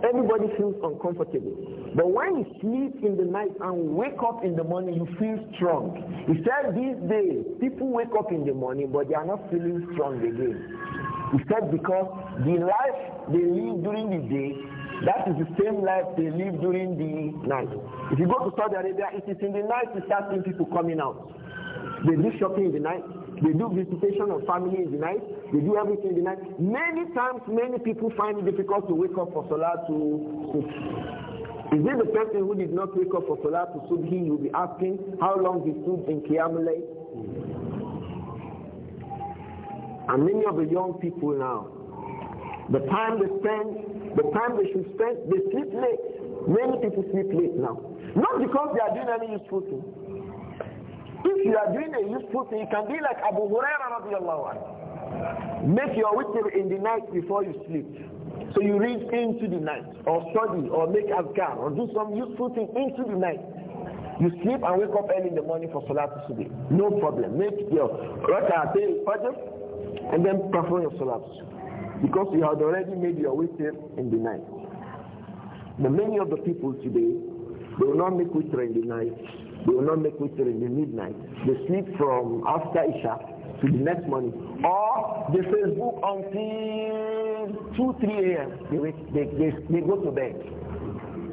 everybody feels uncomfortable. But when you sleep in the night and wake up in the morning, you feel strong. He said these days, people wake up in the morning, but they are not feeling strong again. He said because the life they live during the day, that is the same life they live during the night. If you go to Saudi Arabia, it is in the night you start seeing people coming out. They do shopping in the night. They do visitation of family in the night. They do everything in the night. Many times, many people find it difficult to wake up for Salah to is this the person who did not wake up for Salah to Subhi, you'll be asking how long he stood in Qiyamulay? And many of the young people now, the time they spend, the time they should spend, they sleep late. Many people sleep late now. Not because they are doing any useful thing. If you are doing a useful thing, you can be like Abu Hurairah radiallahu anhu. Make your witr in the night before you sleep. So you read into the night, or study, or make azkar, or do some useful thing into the night. You sleep and wake up early in the morning for Salat Subhi. No problem. Make your rak'atay fajr and then perform your Salat Because you had already made your witr in the night. But many of the people today, they will not make witr in the night. They will not make witr in the midnight. They sleep from after Isha to the next morning. Or they Facebook until till 2, 3 a.m. They, they, they, they, go to bed.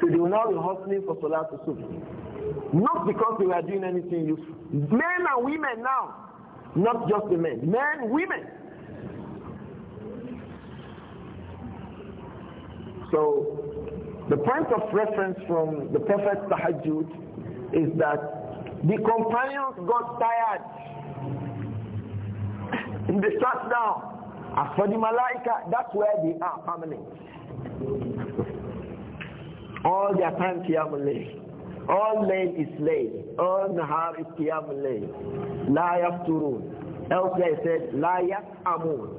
So they will now be hustling for solar to soup. Not because they were doing anything useful. Men and women now, not just the men, men, women. So the point of reference from the Prophet Tahajjud is that the companions got tired. <laughs> they sat down. As for the malaika, that's where they are permanent. All their time Qiyamul Layl. All Layl is laid. All Nahar is Qiyamul Layl. La yafturun. Elsewhere it says, La yas'amun.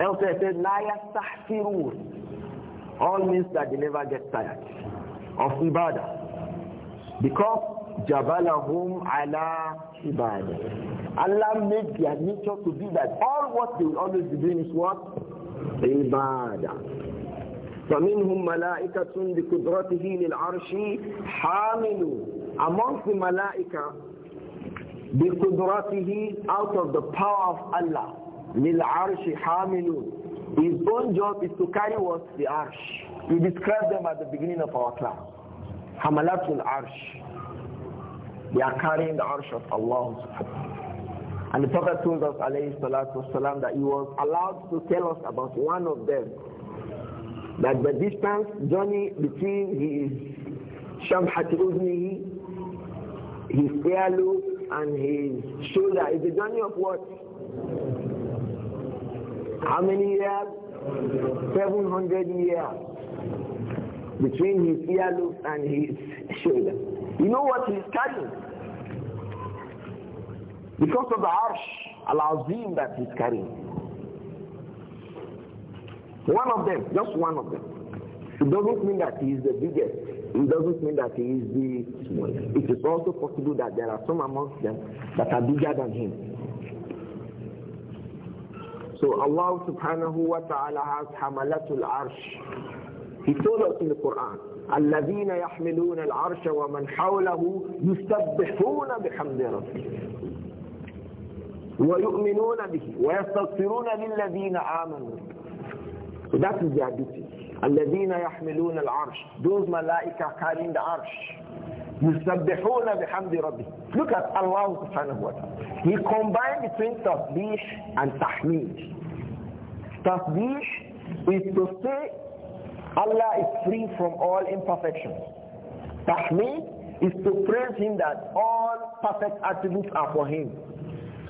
Elsewhere it says, La yastahfirun. All means that they never get tired of Ibadah. Because Jabalahum ala ibadah. Allah made their nature to be that all what they will always be doing is what? Ibadah. فمنهم ملائكة بقدرته للعرش حامل amongst the malaika بقدرته out of the power of Allah للعرش حامل his own job is to carry what the arsh we described them at the beginning of our class حملات العرش they are carrying the arsh of Allah. And the Prophet told us, alayhi salatu wasalam, that he was allowed to tell us about one of them. That the distance journey between his Shamhat Uznihi, his earlobe, and his shoulder is a journey of what? How many years? 700 years between his earlobe and his shoulder. You know what he's carrying? Because of the arsh, al-azim that he's carrying. One of them, just one of them. It doesn't mean that he is the biggest. It doesn't mean that he is the smallest. It is also possible that there are some amongst them that are bigger than him. So Allah subhanahu wa ta'ala has hamalatul arsh. He told us in the Quran, الذين يحملون العرش ومن حوله يسبحون بحمد ربهم ويؤمنون به ويستغفرون للذين آمنوا that is their duty الذين يحملون العرش those ملائكة carrying the arch يسبحون بحمد ربي look at Allah سبحانه وتعالى he combined between تصبيح and تحميد تصبيح is to say Allah is free from all imperfections. Tahmid is to praise Him that all perfect attributes are for Him.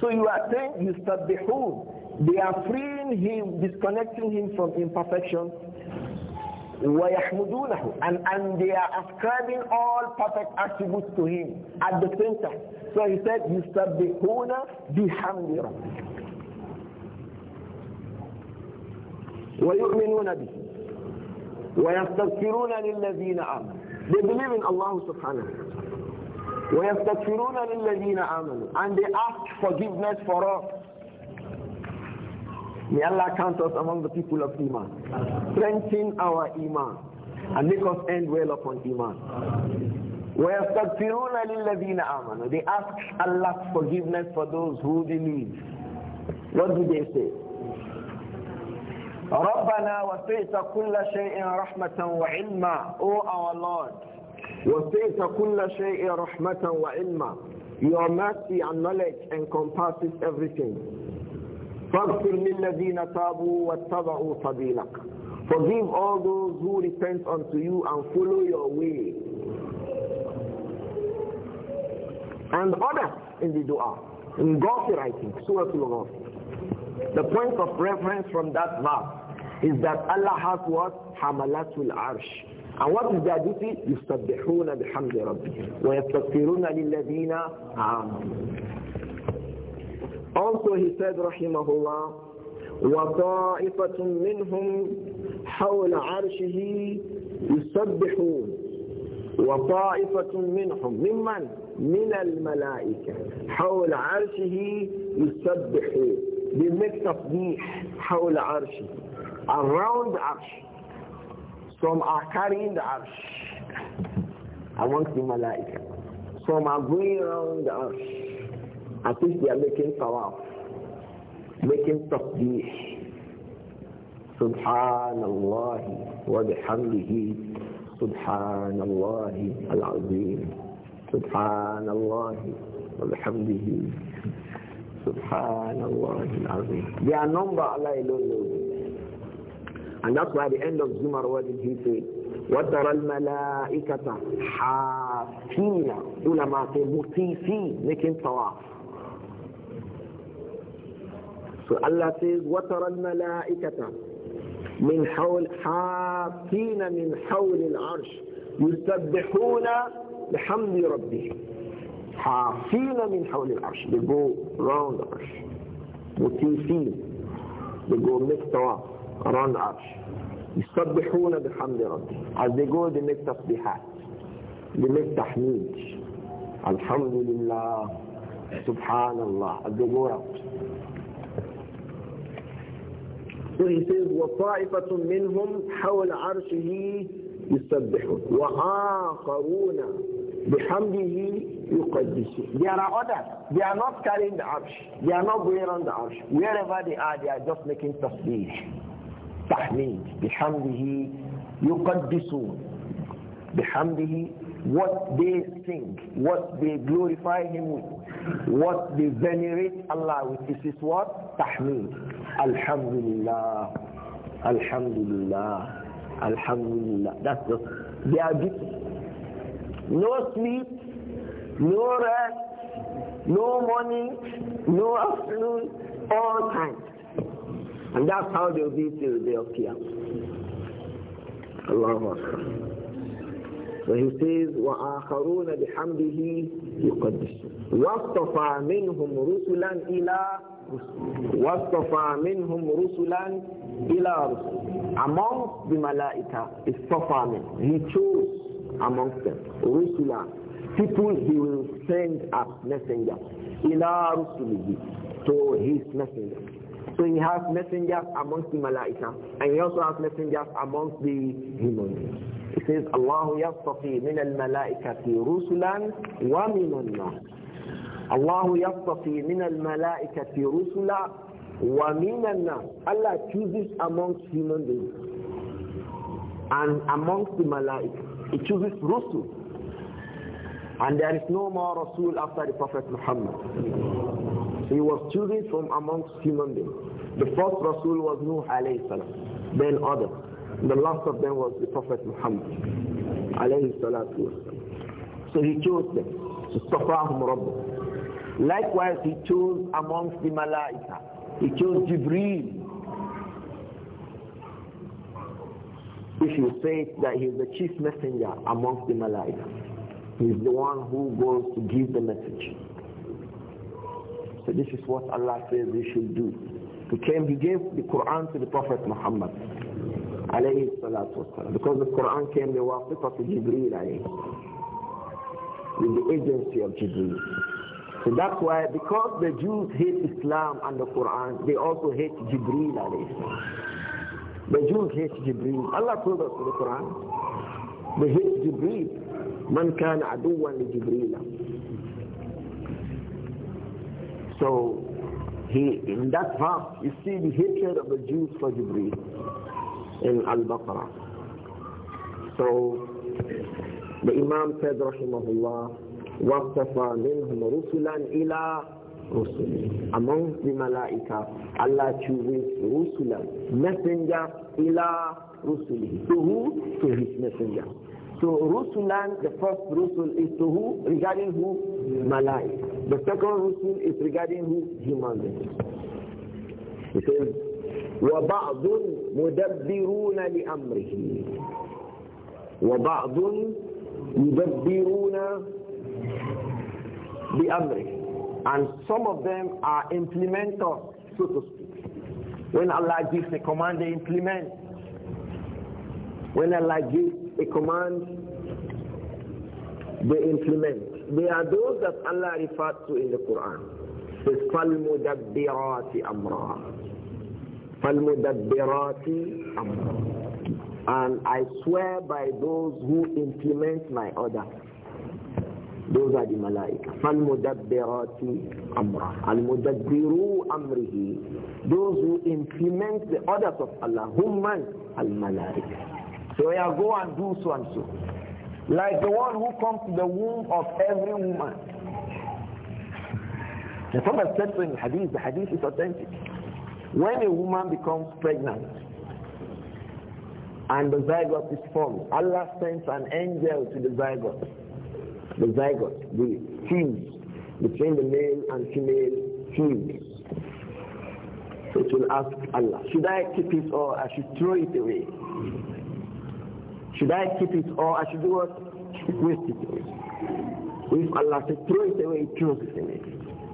So you are saying, you start the whole. They are freeing Him, disconnecting Him from imperfections. وَيَحْمُدُونَهُ and, and they are ascribing all perfect attributes to Him at the same time. So He said, you start the whole بِحَمْدِ رَبِّكَ وَيُؤْمِنُونَ بِهِ وَيَسْتَغْفِرُونَ لِلَّذِينَ آمَنُوا They believe in Allah subhanahu wa ta'ala. ويستغفرون للذين آمنوا and they ask forgiveness for us. May Allah count us among the people of Iman. Strengthen our Iman and make us end well upon Iman. ويستغفرون للذين آمنوا They ask Allah's forgiveness for those who believe. What do they say? ربنا وفيت كل شيء رحمة وعلما O our Lord وفيت كل شيء رحمة وعلما Your mercy and knowledge encompasses everything فاغفر للذين تابوا واتبعوا سبيلك Forgive all those who repent unto you and follow your way. And others in the dua. In God's I think. Surah Al-Ghafir. The point of reference from that verse is that Allah has what? Hamalatul Arsh. And what is their duty? يُسَبِّحُونَ بِحَمْدِ رَبِّهِمْ وَيَسْتَغْفِرُونَ لِلَّذِينَ آمَنُوا Also he said, رحمه الله, وَطَائِفَةٌ مِّنْهُمْ حَوْلَ عَرْشِهِ يُسَبِّحُونَ وَطَائِفَةٌ مِّنْهُمْ مِمَّنْ؟ من الملائكة حول عرشه يسبحون they make tasbih حول arsh around the arch. some are carrying the arch amongst the malaika some are going around the arch at least they are making tawaf making tasbih سبحان الله وبحمده سبحان الله العظيم Subhanallah, wa وبحمده Subhanallah al-Azim. Their number Allah alone knows. And that's why at the end of Zumar, what did he say? وترى الملائكة حافين علماء مطيفين making tawaf so Allah says وترى الملائكة من حول حافين من حول العرش يسبحون بحمد ربهم حافين من حول العرش they go round the arch متيفين they go make tawaf around the arch يسبحون بحمد ربي as they go they make تصبيحات they make تحميد الحمد لله سبحان الله as they go out so he says وطائفة منهم حول عرشه يسبحون وآخرون بِحَمْدِهِ يُقَدِّسُ There are others. They are not carrying the arch. They are not going on the arch. Wherever they are, they are just making tasbih. Tahmid. بِحَمْدِهِ يُقَدِّسُ بِحَمْدِهِ What they think, what they glorify Him with, what they venerate Allah with, this is what? Tahmid. Alhamdulillah. Alhamdulillah. Alhamdulillah. That's the, they are beautiful. No sleep, no rest, no morning, no afternoon, all times. And that's how they'll be till they day of Qiyamah. Allahu Akbar. So he says, وَآخَرُونَ بِحَمْدِهِ يُقَدِّسُونَ وَاصْطَفَى مِنْهُمْ رُسُلًا إِلَى وَاصْطَفَى مِنْهُمْ رُسُلًا إِلَى رُسُلٍ Among the malaika is Safa He chose amongst them. Rusula, people he will send as messengers. Ila rusulihi, to his messengers. So he has messengers amongst the malaika, and he also has messengers amongst the human beings. It says, Allah yastafi min al-malaikati rusulan wa min al-nas. Allah yastafi min al-malaikati rusula wa min al-nas. Allah chooses amongst human beings and amongst the malaika. It chooses Rusul. And there is no more Rasul after the Prophet Muhammad. He was chosen from amongst human beings. The first Rasul was Nuh alayhi salam, then others. The last of them was the Prophet Muhammad alayhi salatu So he chose them. Sustafahum Rabbuh. Likewise, he chose amongst the Malaika. He chose Jibril. If you say that he is the chief messenger amongst the Malaika, he is the one who goes to give the message. So this is what Allah says we should do. He came, he gave the Quran to the Prophet Muhammad because the Quran came the wasifa to Jibreel with the agency of Jibreel. So that's why, because the Jews hate Islam and the Quran, they also hate Jibreel alayhi the Jews hate Jibreel. Allah told us in the Quran, they hate Jibreel. من كان عدوا لجبريل So he in that verse you see the hatred of the Jews for Jibreel in Al-Baqarah. So the Imam said رحمه الله واصطفى منهم رسلا إلى Among the Malaika, Allah chooses Rusulan, messenger, ila Rusuli. To who? To his messenger. So Rusulan, the first Rusul is to who? Regarding who? Malaika. The second Rusul is regarding who? Human beings. He says, وَبَعْضٌ مُدَبِّرُونَ لِأَمْرِهِ وَبَعْضٌ مُدَبِّرُونَ لِأَمْرِهِ And some of them are implementers, so to speak. When Allah gives a command, they implement. When Allah gives a command, they implement. They are those that Allah refers to in the Quran. فالمدبرات أمرا فالمدبرات أمرا And I swear by those who implement my order. Those are the malaika. فَالْمُدَبِّرَاتِ أَمْرًا biru أَمْرِهِ Those who implement the orders of Allah. هُمَّنْ الْمَلَائِكَ So yeah, go and do so and so. Like the one who comes to the womb of every woman. The Prophet said so in hadith, the hadith is authentic. When a woman becomes pregnant, and the zygote is formed. Allah sends an angel to the zygote the zygote, the fuse between the male and female fuse. So it will ask Allah, should I keep it or I should throw it away? Should I keep it or I should do what? Waste it away. If Allah says throw it away, he throws it away.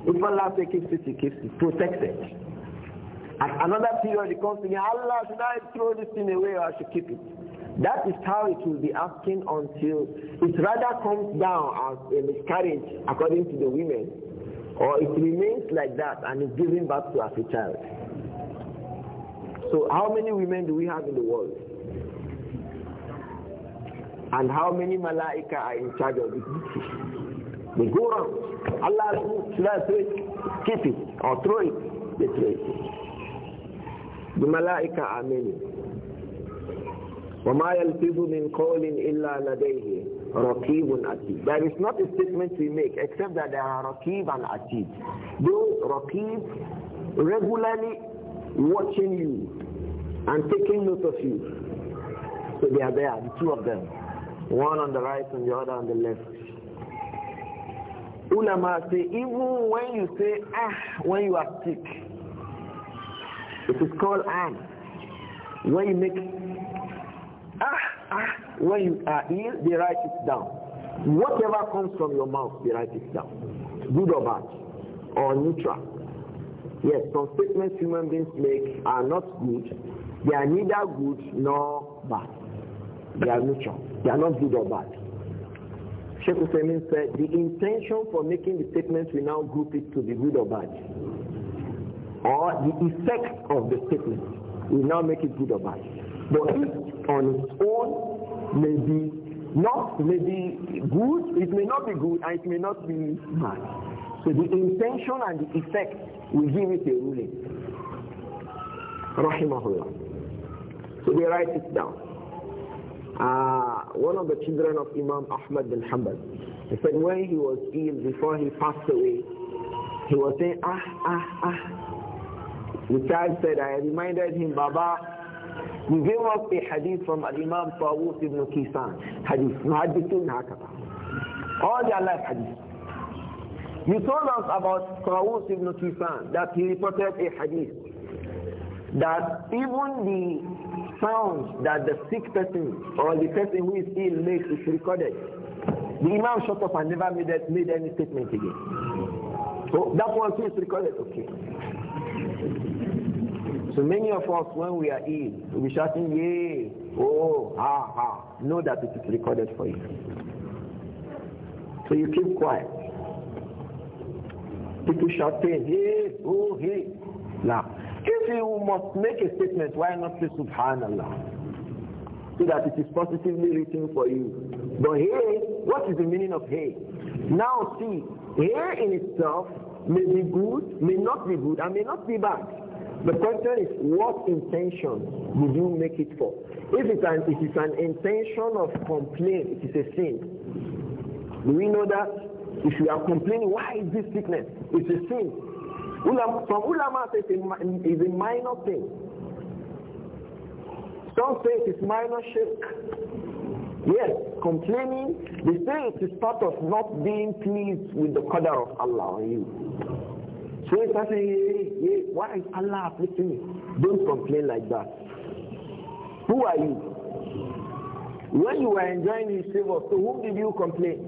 If Allah says keep it, he keeps it, protects it. At another period, he comes to me, Allah, should I throw this thing away or I should keep it? That is how it will be acting until it rather comes down as a miscarriage according to the women, or it remains like that and is given back to as a child. So how many women do we have in the world? And how many malaika are in charge of it? They go around. Allah should I Keep it or throw it. They throw it. The malaika are many. وَمَا يَلْفِظُ مِنْ قَوْلٍ إِلَّا لَدَيْهِ رَقِيبٌ There is not a statement we make except that there are Rakib and Atid. Those Raqib regularly watching you and taking note of you. So they are there, the two of them. One on the right and the other on the left. Ulama say, even when you say, ah, when you are sick, it is called an. Ah. When you make Ah, ah, when you are ill, they write it down. Whatever comes from your mouth, they write it down. Good or bad, or neutral. Yes, some statements human beings make are not good. They are neither good nor bad. They are neutral. They are not good or bad. Sheikh Hussein said the intention for making the statement we now group it to be good or bad. Or the effect of the statement we now make it good or bad. But if on its own may be not may be good, it may not be good, and it may not be bad. So the intention and the effect will give it a ruling. Rahimahullah. So they write it down. Uh, one of the children of Imam Ahmad bin Hanbal, he said when he was ill, before he passed away, he was saying, ah, ah, ah. The child said, I reminded him, Baba, we gave up a hadith from Al-Imam Tawus ibn Kisan. Hadith. Muhaddithun Hakata. All their life hadith. He told us about Tawus ibn Kisan that he reported a hadith that even the sound that the sick person or the person who is ill makes is recorded. The Imam shut up and never made, that, made any statement again. So that one too is recorded. Okay. So many of us, when we are ill, we shouting, yay, oh, ha, ha. Know that it is recorded for you. So you keep quiet. People shout pain, hey, oh, hey. Now, if you must make a statement, why not say subhanallah? So that it is positively written for you. But hey, what is the meaning of hey? Now see, hey in itself may be good, may not be good, and may not be bad. The question is, what intention did you make it for? If it is an intention of complaint, it is a sin. Do we know that? If you are complaining, why is this sickness? It's a sin. Ulam, from ulama, it is a, minor thing. Some say it is minor shirk. Yes, complaining, they say it is part of not being pleased with the qadar of Allah on you. So if I say, hey, hey, why is Allah afflicting me? Don't complain like that. Who are you? When you were enjoying his favor, to whom did you complain?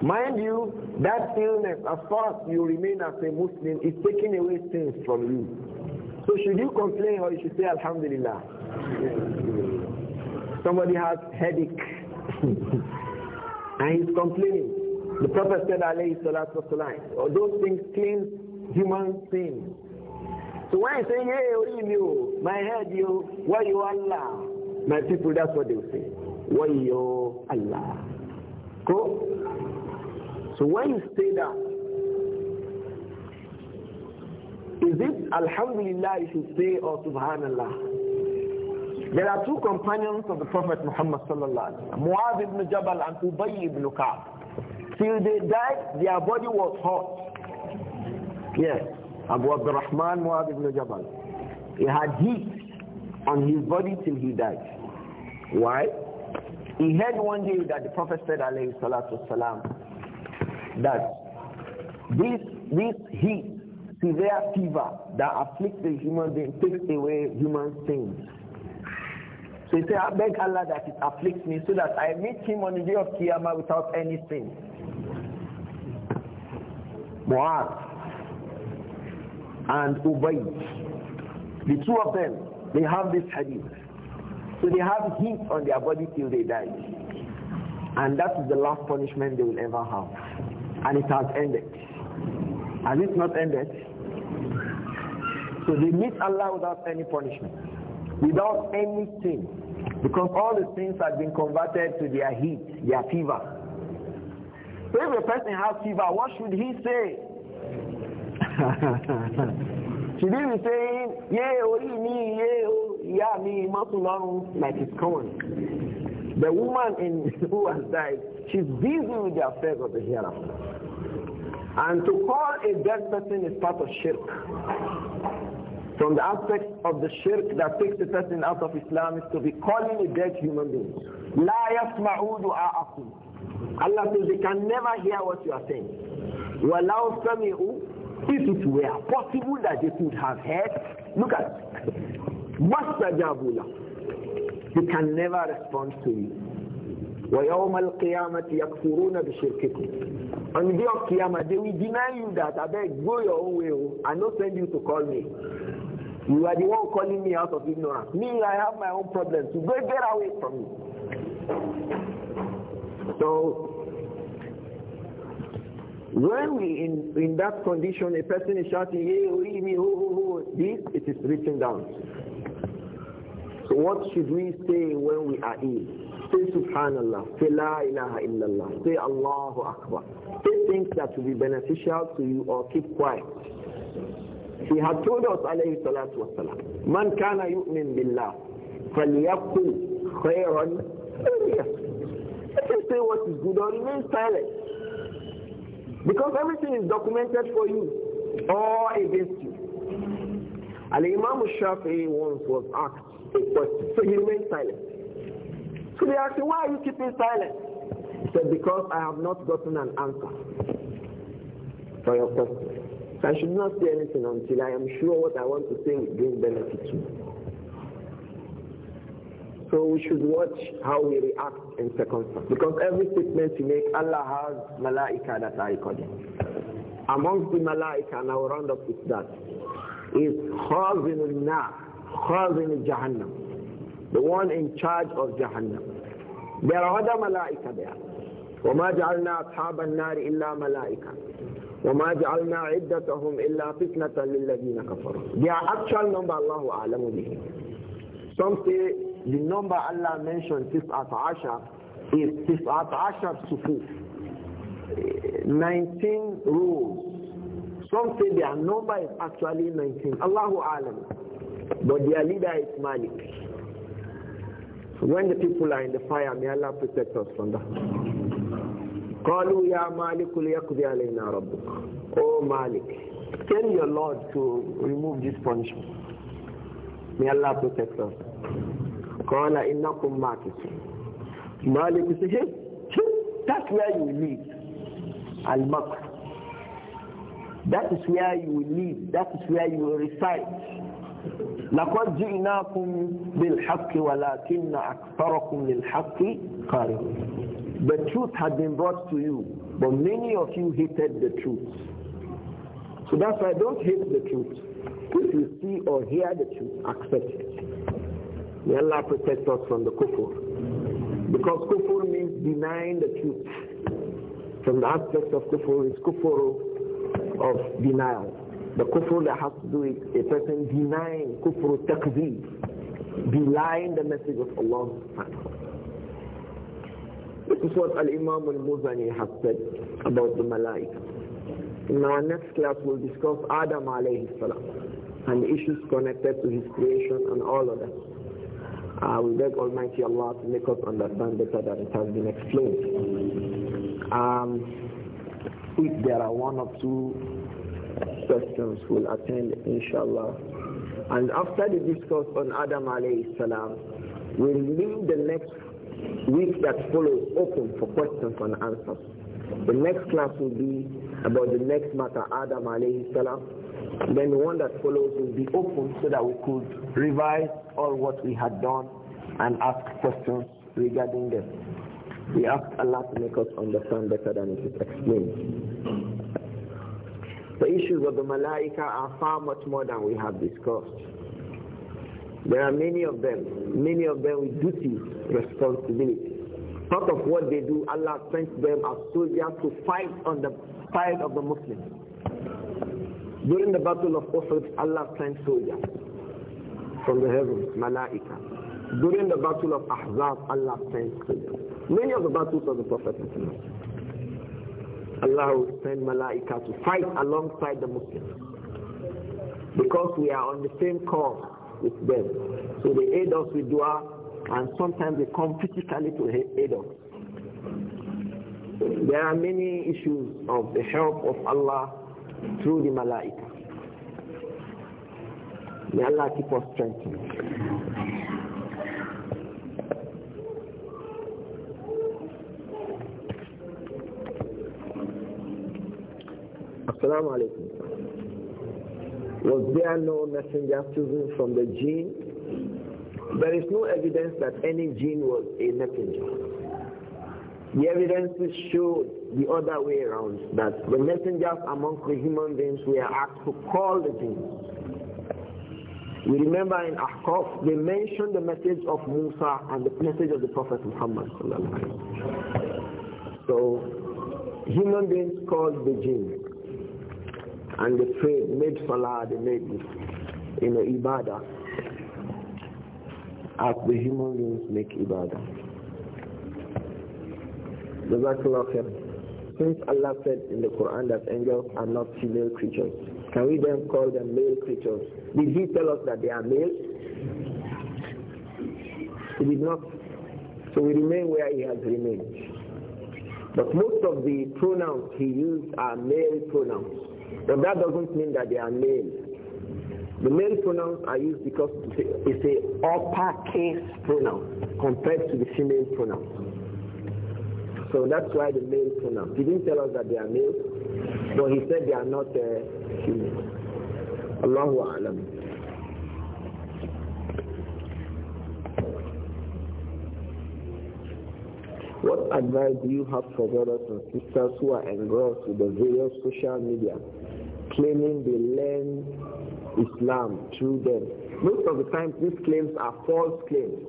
Mind you, that illness, as far as you remain as a Muslim, is taking away things from you. So should you complain or you should say, Alhamdulillah? Somebody has headache <laughs> and he's complaining. The Prophet said, alayhi salatu wasalam, or those things clean human things. So when I are saying, hey, Orimu, my head, you, why you Allah? My people, that's what they will say. Why you Allah? So when you say that, is it Alhamdulillah you should say or oh, Subhanallah? There are two companions of the Prophet Muhammad sallallahu alaihi wasallam, Mu'adh ibn Jabal and Ubayy ibn Ka'b. Till they died, their body was hot. Yes, Abu Abdurrahman Mu'adh ibn Jabal. He had heat on his body till he died. Why? He heard one day that the Prophet said, alayhi salatu salam, that this, this heat, severe fever that afflicts the human being takes away human sins. So he said, I beg Allah that it afflicts me so that I meet him on the day of Qiyamah without any sin. Mu'adh and Ubay. The two of them, they have this hadith. So they have heat on their body till they die. And that is the last punishment they will ever have. And it has ended. Has it not ended? So they meet Allah without any punishment, without any sin. Because all the things have been converted to their heat, their fever if a person has fever, what should he say? <laughs> should he be saying, yeah, oh, me, yeah, oh, yeah, me, masulanu, like it's common. The woman in, <laughs> who has died, she's busy with the affairs of the hereafter. And to call a dead person is part of shirk from the aspect of the shirk that takes the person out of Islam is to be calling a dead human being. لا يسمعوا دعاءكم Allah says they can never hear what you are saying. وَلَوْ who, If it were possible that they could have heard, look at مَسْتَجَابُوا لَهُ They can never respond to you. ويوم القيامة يكفرون بشرككم On the day of Qiyamah, they will deny you that, I beg, go your own way, and oh. not send you to call me. You are the one calling me out of ignorance. Me, I have my own problems. You go get away from me. So, when we in, in that condition, a person is shouting, hey, read me, oh, this, it is written down. So what should we say when we are ill? Say Subhanallah, say La ilaha illallah, say Allahu Akbar. Say things that will be beneficial to you or keep quiet. He had told us, alayhi salatu wasalam, Man kana yu'min billah, فَلْيَقُلْ خَيْرًا I can say what is good or remain silent. Because everything is documented for you or against you. And Imam Shafi'i once was asked a question, so he remained silent. So they asked him, why are you keeping silent? He said, because I have not gotten an answer for your question. So I should not say anything until I am sure what I want to say will bring benefit you. So we should watch how we react in circumstance. Because every statement you make, Allah has malaika that are recording. Amongst the malaika, and I will round up with that, is Khazin al-Nar, Khazin jahannam the one in charge of Jahannam. There are other malaika there. وما جعلنا أصحاب النار إلا ملائكة وما جعلنا عدتهم إلا فتنة للذين كفروا. They are actual number, الله أعلم Some say the number Allah mentioned, Tis'at Asha, is Tis'at Asha Sufuf. 19 rules. Some say their number is actually 19. Allahu Alam. But their leader is Malik. When the people are in the fire, may Allah protect us from that. قالوا يا مالك ليقضي علينا ربك Oh Malik, tell your Lord to remove this punishment. May Allah protect us. قال إنكم ماكثون Malik said, hey, that's where you live. Al-Makr. That is where you live. That is where you reside. لقد جئناكم بالحق ولكن أكثركم للحق قارئون The truth had been brought to you, but many of you hated the truth. So that's why don't hate the truth. If you see or hear the truth, accept it. May Allah protect us from the kufur. Because kufur means denying the truth. From the aspect of kufur is kufur of denial. The kufur that has to do with a person denying kufur takzib, denying the message of Allah. This is what Al-Imam Al-Muzani has said about the Malaika. In our next class we'll discuss Adam alayhi salam and issues connected to his creation and all of that. Uh, we beg Almighty Allah to make us understand better than it has been explained. Um, if there are one or two questions, we'll attend inshallah. And after the discourse on Adam alayhi salam, we'll leave the next week that follows open for questions and answers. The next class will be about the next matter, Adam alayhi salam, then the one that follows will be open so that we could revise all what we had done and ask questions regarding them. We ask Allah to make us understand better than it is explained. The issues of the Malaika are far much more than we have discussed. There are many of them, many of them with duties, responsibilities. Part of what they do, Allah sends them as soldiers to fight on the side of the Muslims. During the battle of Uhud, Allah sent soldiers from the heavens, Malaika. During the battle of Ahzab, Allah sent soldiers. Many of the battles of the Prophet Allah will send Malaika to fight alongside the Muslims. Because we are on the same cause with them. So they aid us with dua and sometimes they come physically to aid us. There are many issues of the help of Allah through the malaika. May Allah keep us strengthened. Assalamu alaikum. Was there no messenger chosen from the jinn? There is no evidence that any jinn was a messenger. The is show the other way around, that the messengers among the human beings were asked to call the jinn. We remember in Ahqaf, they mentioned the message of Musa and the message of the Prophet Muhammad. So, human beings called the jinn and they prayed, made salah, they made, you know, ibadah, as the human beings make ibadah. جزاك الله since Allah said in the Quran that angels are not female creatures, can we then call them male creatures? Did he tell us that they are male? He did not. So we remain where he has remained. But most of the pronouns he used are male pronouns. But that doesn't mean that they are male. The male pronouns are used because it's a uppercase pronoun compared to the female pronoun. So that's why the male pronouns. He didn't tell us that they are male, but he said they are not uh, female. Allahu Alam. What advice do you have for brothers and sisters who are engrossed with the various social media, claiming they learn Islam through them? Most of the time, these claims are false claims.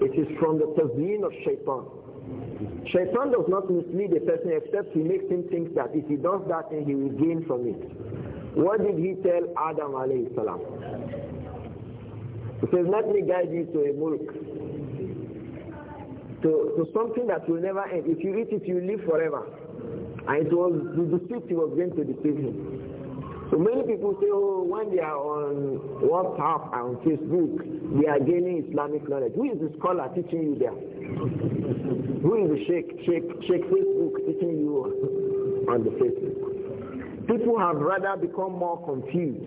It is from the tazmin of shaitan. Shaitan does not mislead a person except he makes him think that if he does that thing, he will gain from it. What did he tell Adam alayhi salam? He says, let me guide you to a mulk, to, to something that will never end. If you eat it, you live forever. And it was the deceit he was going to deceive him. So many people say, oh, when they are on WhatsApp and Facebook, they are gaining Islamic knowledge. Who is the scholar teaching you there? Who is the Sheikh, Sheikh, Sheikh Facebook teaching you on the Facebook? People have rather become more confused.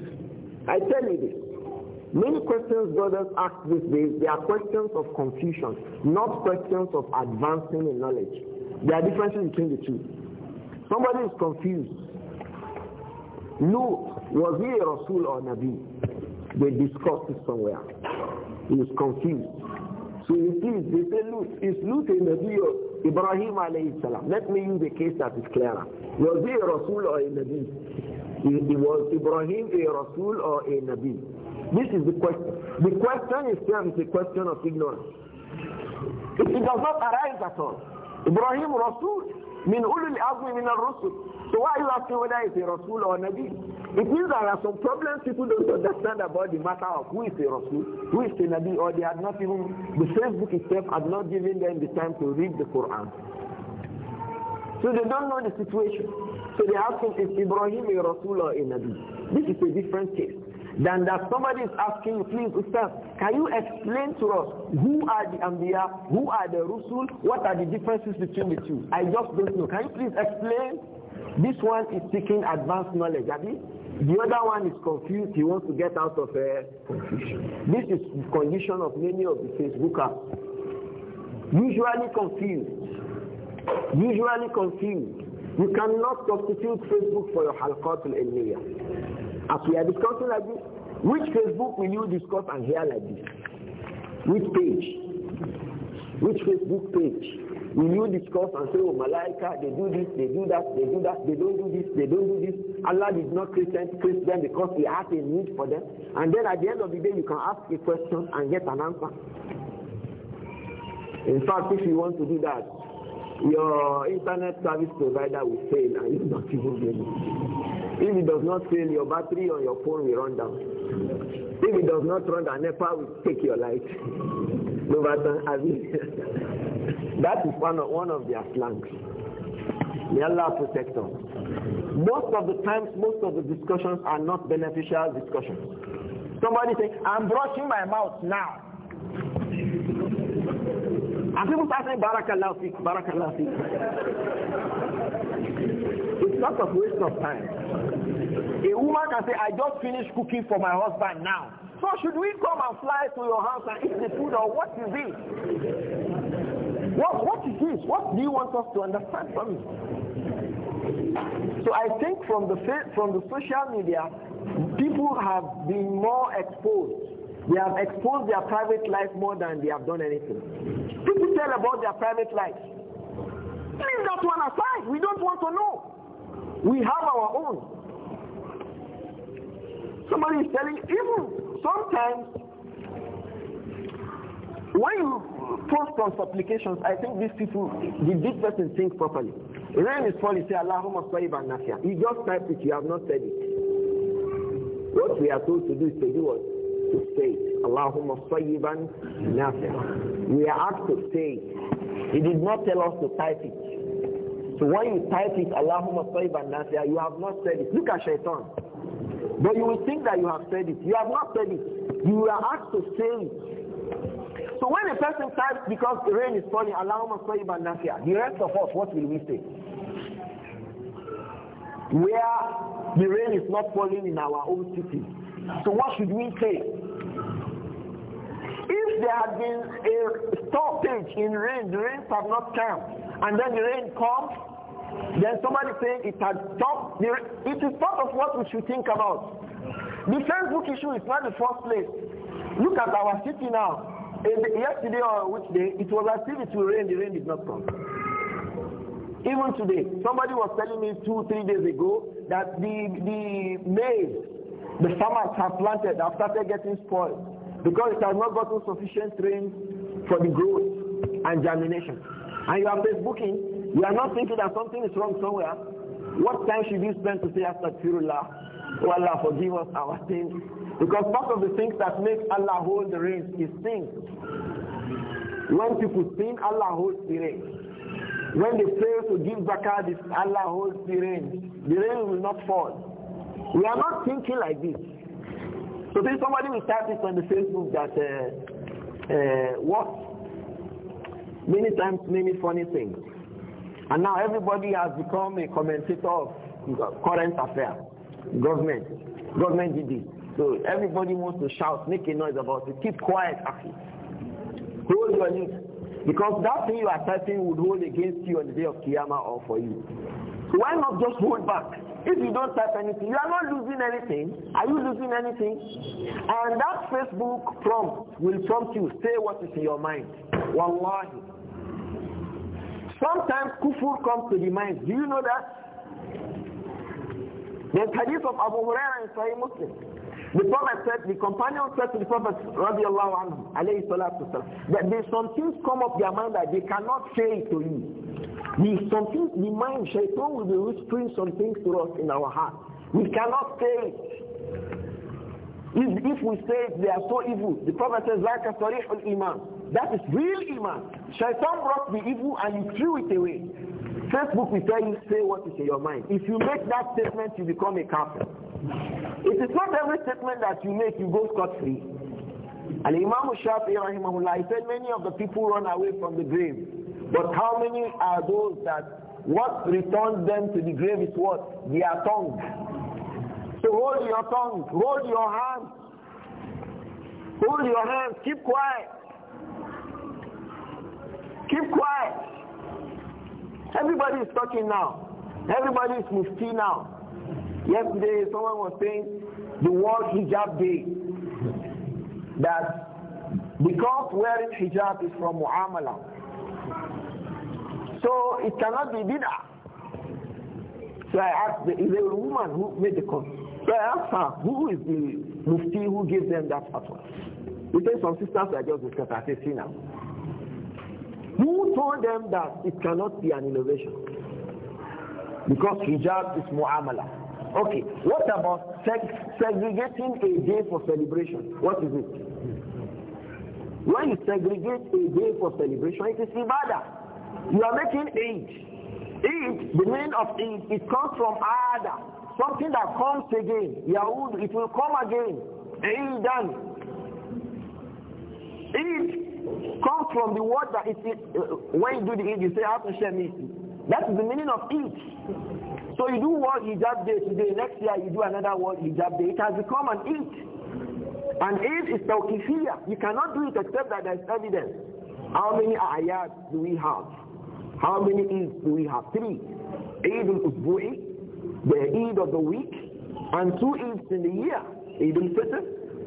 I tell you this. Many questions brothers ask these days, they are questions of confusion, not questions of advancing in knowledge. There are differences between the two. Somebody is confused. Lut, was he a Rasul or Nabi? They discussed it somewhere. He was confused. So you please, they say Lut. Is Lut a Nabi or Ibrahim alayhi salam? Let me use a case that is clearer. Was he a Rasul or a Nabi? He, he was Ibrahim a Rasul or a Nabi? This is the question. The question itself is a question of ignorance. It, it does not arise at all. Ibrahim Rasul min ulul azmi min a rusul So why are you asking whether it's a Rasul or a Nabi? It means there are some problems people don't understand about the matter of who is a Rasul, who is a Nabi, or they had not even, the Facebook itself had not given them the time to read the Quran. So they don't know the situation. So they ask him, Ibrahim a Rasul or a Nabi? This is a different case than that somebody is asking, please, Ustaz, can you explain to us who are the Ambiya, who are the Rusul, what are the differences between the two? I just don't know. Can you please explain? This one is seeking advanced knowledge, Abi. The other one is confused. He wants to get out of a eh, confusion. This is the condition of many of the Facebookers. Usually confused. Usually confused. You cannot substitute Facebook for your halqatul ilmiyah. As we are discussing like this, which Facebook will you discuss and hear like this? Which page? Which Facebook page? Will you discuss and say, oh, Malaika, they do this, they do that, they do that, they don't do this, they don't do this. Allah did not create them because He has a need for them. And then at the end of the day, you can ask a question and get an answer. In fact, if you want to do that, your internet service provider will fail and you not even be able if it does not fail, your battery on your phone will run down. If it does not run down, NEPA will take your light. <laughs> no matter, how <laughs> that is one of, one of their slangs. May Allah protect us. Most of the times, most of the discussions are not beneficial discussions. Somebody say, I'm brushing my mouth now. And people start saying, Barakallah fiqh, fiqh. It's not a waste of time. A woman can say, I just finished cooking for my husband now. So should we come and fly to your house and eat the food or what is it? What, what is this? What do you want us to understand from it? So I think from the, from the social media, people have been more exposed. They have exposed their private life more than they have done anything. People tell about their private life. Leave that one aside. We don't want to know. We have our own. Somebody is telling even sometimes when you post on supplications, I think these people, the big person think properly. Rain is falling, say Allahumma sa'iban nafia. You just type it, you have not said it. What we are told to do is to do what? To say it. Allahumma sa'iban nafia. We are asked to say it. He did not tell us to type it. So when you type it, Allahumma sa'iban nafia, you have not said it. Look at shaitan. But you will think that you have said it. You have not said it. You are asked to say it. So when a person types because the rain is falling, Allahumma sayyiban nafi'a, the rest of us, what will we say? Where the rain is not falling in our own city. So what should we say? If there had been a stoppage in rain, the rains have not come, and then the rain comes, then somebody saying it has stopped. It is part of what we should think about. The Facebook issue is not the first place. Look at our city now. The, yesterday or which day, it was as if it will rain. The rain did not come. Even today, somebody was telling me two, three days ago that the, the maize the farmers have planted have started getting spoiled because it has not gotten sufficient rain for the growth and germination. And you are Facebooking we are not thinking that something is wrong somewhere. What time should you spend to say Astaghfirullah? Oh Allah, forgive us our sins. Because part of the things that make Allah hold the reins is sin. When people sin, Allah holds the reins. When they fail to give zakat, Allah holds the reins. The rain will not fall. We are not thinking like this. So then somebody will start this on the Facebook that uh, uh, what? Many times, many funny things. And now everybody has become a commentator of current affairs, government. Government did this. So everybody wants to shout, make a noise about it. Keep quiet, Afi. Hold your lips. Because that thing you are typing would hold against you on the day of Qiyamah or for you. So why not just hold back? If you don't type anything, you are not losing anything. Are you losing anything? And that Facebook prompt will prompt you, say what is in your mind. Wallahi. Sometimes kufur comes to the mind. Do you know that? The hadith of Abu Hurairah in Sahih Muslim. The Prophet said, the companion said to the Prophet radiallahu anhu, alayhi salatu that there's some things come up their mind that they cannot say to you. The, some things, the mind, shaitan will be whispering some things to us in our heart. We cannot say it. If, if we say they are so evil, the Prophet says, like a al iman. That is real iman. Shaitan brought the evil and you threw it away. Facebook will tell you, say what is in your mind. If you make that statement, you become a kafir. It is not every statement that you make, you go scot-free. And Imam Shafi'i he said many of the people run away from the grave. But how many are those that what returns them to the grave is what? Their tongue hold your tongue, hold your hands. Hold your hands. keep quiet. Keep quiet. Everybody is talking now. Everybody is mufti now. Yesterday someone was saying the word hijab day. That because wearing hijab is from muamala. So it cannot be bid'ah. So I asked, is there a woman who made the comment? They asked her, who is the mufti who gave them that fatwa? You take some sisters are just discussing now. Who told them that it cannot be an innovation? Because hijab is mu'amala. Okay, what about segregating a day for celebration? What is it? When you segregate a day for celebration, it is ibadah. You are making Eid. Eid, the meaning of Eid, it comes from Ada something that comes again, Yahud, it will come again. Eidan. Eid comes from the word that it uh, when you do the Eid, you say, Hatushemisi. That is the meaning of Eid. So you do you Hijab Day today, next year you do another you Hijab Day. It has become an Eid. And Eid is Tawqifiyah. You cannot do it except that there is evidence. How many ayat do we have? How many Eids do we have? Three. Eid al uzbui the Eid of the week and two Eids in the year, Eid al-Fitr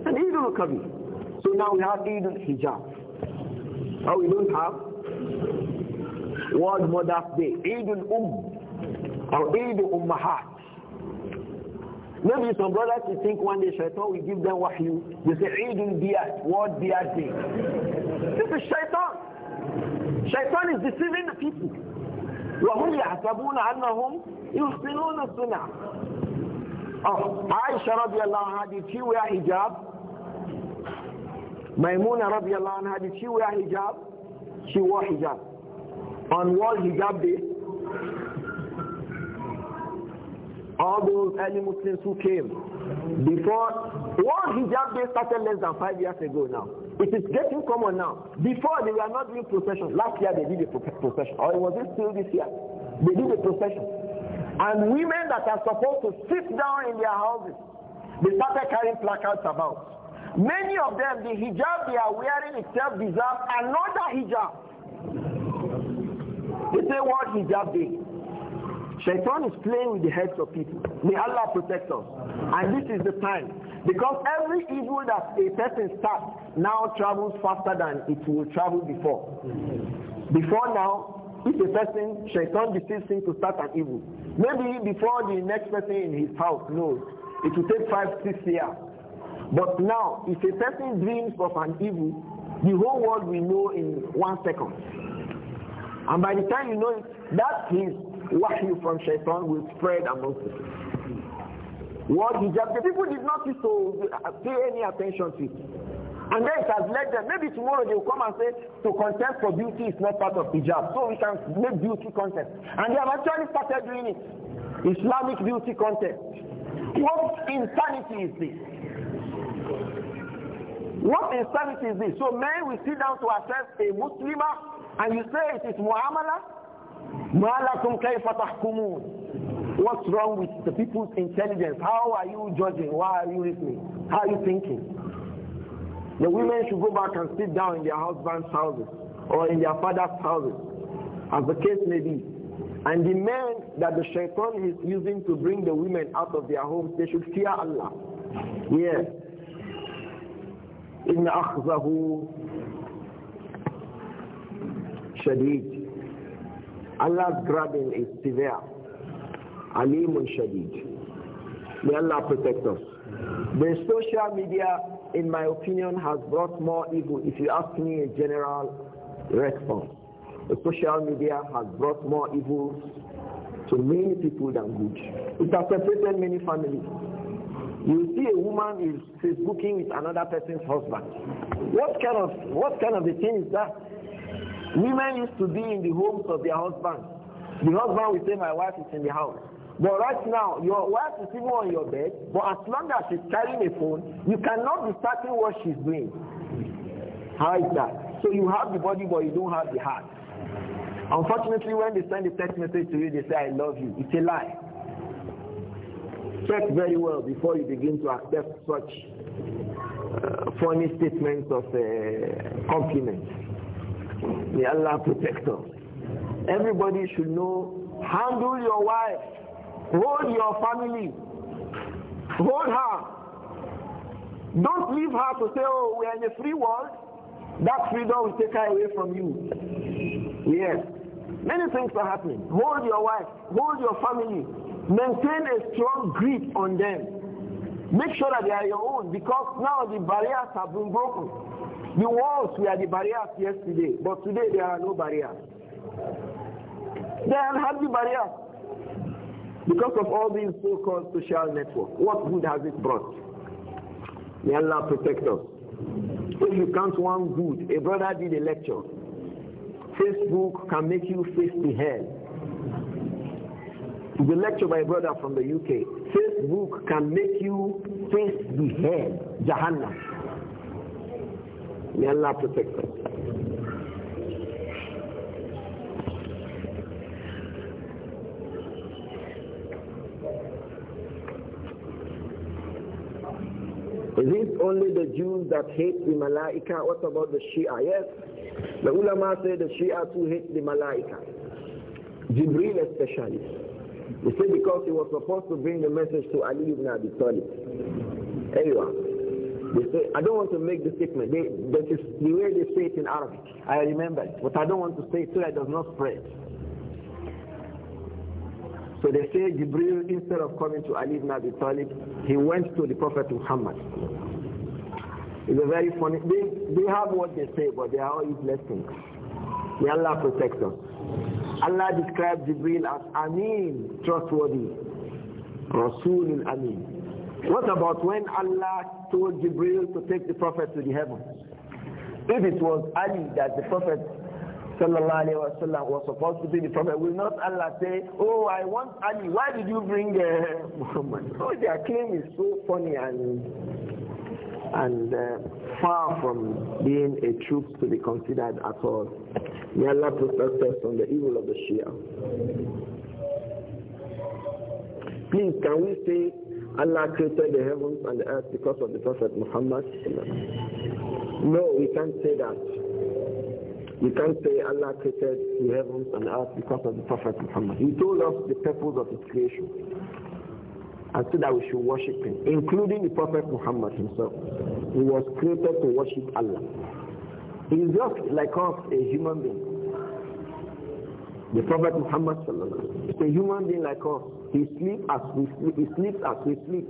and Eid al So now we have Eid al-Hijab. Now we don't have World Mother's Day, Eid al-Umm or Eid al-Ummahat. Maybe some brothers will think one day shaitan will give them wahyu. They say, Eid al what Biyat Day? This is shaitan. Shaitan is deceiving the people. وهم يحسبون أنهم يحسنون السنة Oh, Aisha radiallahu anha, did she wear hijab? Maimuna radiallahu anha, did she wear hijab? She wore hijab. On what Hijab Day, all those early Muslims who came before What Hijab Day started less than five years ago now. It is getting common now. Before they were not doing procession. Last year they did a procession. Or was it still this year? They did a procession. And women that are supposed to sit down in their houses, they started carrying placards about. Many of them, the hijab they are wearing itself deserves another hijab. They say what hijab day. Shaitan is playing with the heads of people. May Allah protect us. And this is the time. Because every evil that a person starts now travels faster than it will travel before. Before now, if a person, Shaitan deceives him to start an evil, Maybe before the next person in his house knows, it will take five, six years. But now, if a person dreams of an evil, the whole world will know in one second. And by the time you know it, that his wahyu from shaitan will spread amongst people. What hijab, the people did not used to pay any attention to it. And then it has led them. Maybe tomorrow they will come and say to contest for beauty is not part of hijab. So we can make beauty contest. And they have actually started doing it. Islamic beauty contest. What insanity is this? What insanity is this? So men will sit down to assess a Muslimah and you say it is Muamala? Mu'alakum kayfa What's wrong with the people's intelligence? How are you judging? Why are you with me? How are you thinking? The women should go back and sit down in their husband's houses or in their father's houses, as the case may be. And the men that the shaitan is using to bring the women out of their homes, they should fear Allah. Yes. إِنَّ أَخْذَهُ شَدِيدٌ Allah's grabbing is severe. Alimun Shadid. May Allah protect us. The social media in my opinion, has brought more evil, if you ask me a general response. The social media has brought more evils to many people than good. It has separated many families. You see a woman is Facebooking with another person's husband. What kind of what kind of a thing is that? Women used to be in the homes of their husbands. The husband will say, My wife is in the house. But right now, your wife is even on your bed, but as long as she's carrying a phone, you cannot be starting what she's doing. How is that? So you have the body, but you don't have the heart. Unfortunately, when they send a text message to you, they say, I love you. It's a lie. Check very well before you begin to accept such uh, funny statements of uh, compliments. May Allah protect us. Everybody should know, handle your wife Hold your family. Hold her. Don't leave her to say, oh, we are in a free world. That freedom will take her away from you. Yes. Many things are happening. Hold your wife. Hold your family. Maintain a strong grip on them. Make sure that they are your own because now the barriers have been broken. The walls were the barriers yesterday, but today there are no barriers. There are the barriers. Because of all these so-called social networks, what good has it brought? May Allah protect us. If you count one good, a brother did a lecture. Facebook can make you face the hell. The lecture by a brother from the UK. Facebook can make you face the hell, Jahannam. May Allah protect us. Is it only the Jews that hate the Malaika? What about the Shia? Yes, the ulama say the Shia too hate the Malaika. Jibril especially. They say because he was supposed to bring the message to Ali ibn Abi Talib. Anyway, they say, I don't want to make the statement. They, that is the way they say it in Arabic. I remember it, but I don't want to say it so that it does not spread. So they say Jibril, instead of coming to Ali ibn Abi Talib, he went to the Prophet Muhammad. It's a very funny. They, they have what they say, but they are all useless things. May Allah protect us. Allah described Jibril as Amin, trustworthy. Rasul Amin. What about when Allah told Jibril to take the Prophet to the heavens? If it was Ali that the Prophet sallallahu alayhi wa sallam was supposed to be the prophet, will not Allah say, oh, I want Ali, why did you bring uh, <laughs> Muhammad? Oh, their claim is so funny and and uh, far from being a truth to be considered at all. May Allah protect us from the evil of the Shia. Please, can we say Allah created the heavens and the earth because of the Prophet Muhammad? No, we can't say that. You can't say Allah created the heavens and earth because of the Prophet Muhammad. He told us the purpose of his creation. And said that we should worship him, including the Prophet Muhammad himself. He was created to worship Allah. He is just like us, a human being. The Prophet Muhammad is a human being like us. He sleeps as we sleep. He sleeps as we sleep.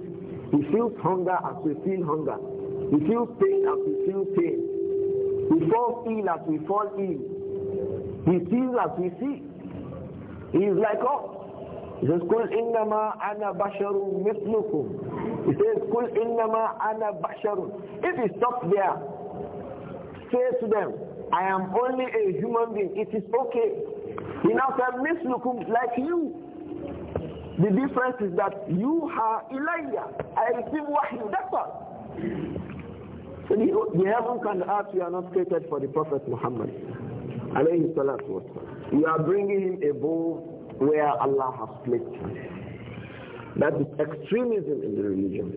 He feels hunger as we feel hunger. He feels pain as we feel pain. We fall ill as we fall ill. We sees as we see. He is like us. He says, Kul innama ana basharun mithlukum. He says, Kul innama ana basharun. If he stops there, say to them, I am only a human being. It is okay. He now said, mithlukum, like you. The difference is that you are Elijah. I receive wahyu. That's all. So the, the heavens and the earth are not created for the Prophet Muhammad. We You are bringing him above where Allah has placed him. That is extremism in the religion.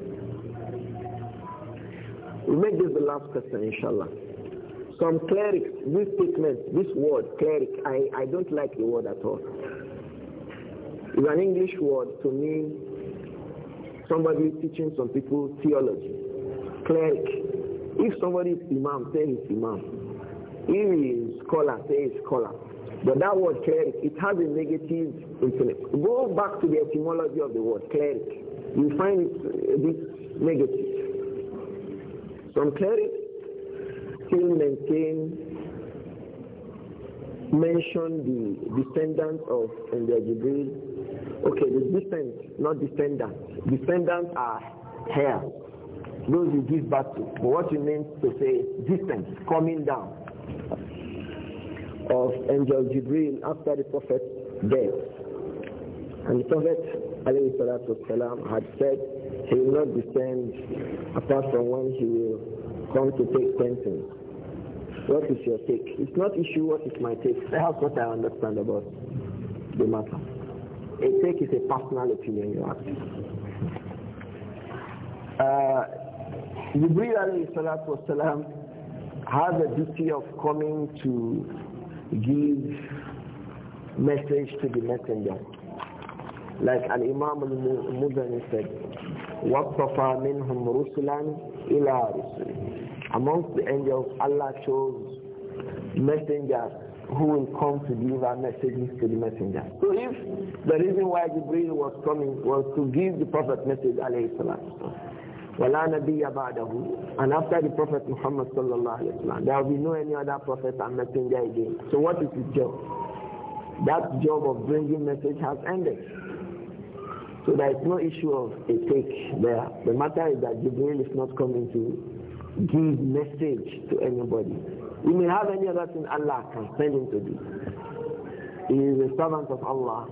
We make this the last question, inshallah. Some clerics, this statement, this word, cleric, I, I don't like the word at all. It's an English word to mean somebody teaching some people theology. Cleric. If somebody is Imam, say he's Imam. If he is scholar, say he's scholar. But that word cleric, it has a negative influence. Go back to the etymology of the word cleric. You find it a uh, bit negative. Some clerics still maintain mention the descendants of and their degree. Okay, the descendants, not descendants. Descendants are here those you give back to. But what you mean to say distance, coming down of Angel Jibril after the Prophet's death. And the Prophet والسلام, had said he will not descend apart from when he will come to take sentence. What is your take? It's not issue what is my take. That's what I understand about the matter. A take is a personal opinion you ask. Uh, Jibreel alayhi salatu wasalam has a duty of coming to give message to the messenger. Like Al-Imam al-Muzani said, وَصَفَى مِنْهُمْ رُسُلًا إِلَىٰ رُسُلٍ Amongst the angels, Allah chose messengers who will come to deliver messages to the messenger. So if the reason why Jibreel was coming was to give the Prophet message, alayhi salatu وَلَا نَبِيَّ بَعْدَهُ And after the Prophet Muhammad sallallahu alayhi wa there will be no any other prophet and messenger again. So what is his job? That job of bringing message has ended. So there is no issue of a take there. The matter is that Jibril is not coming to give message to anybody. You may have any other thing Allah can send him to do. He is a servant of Allah.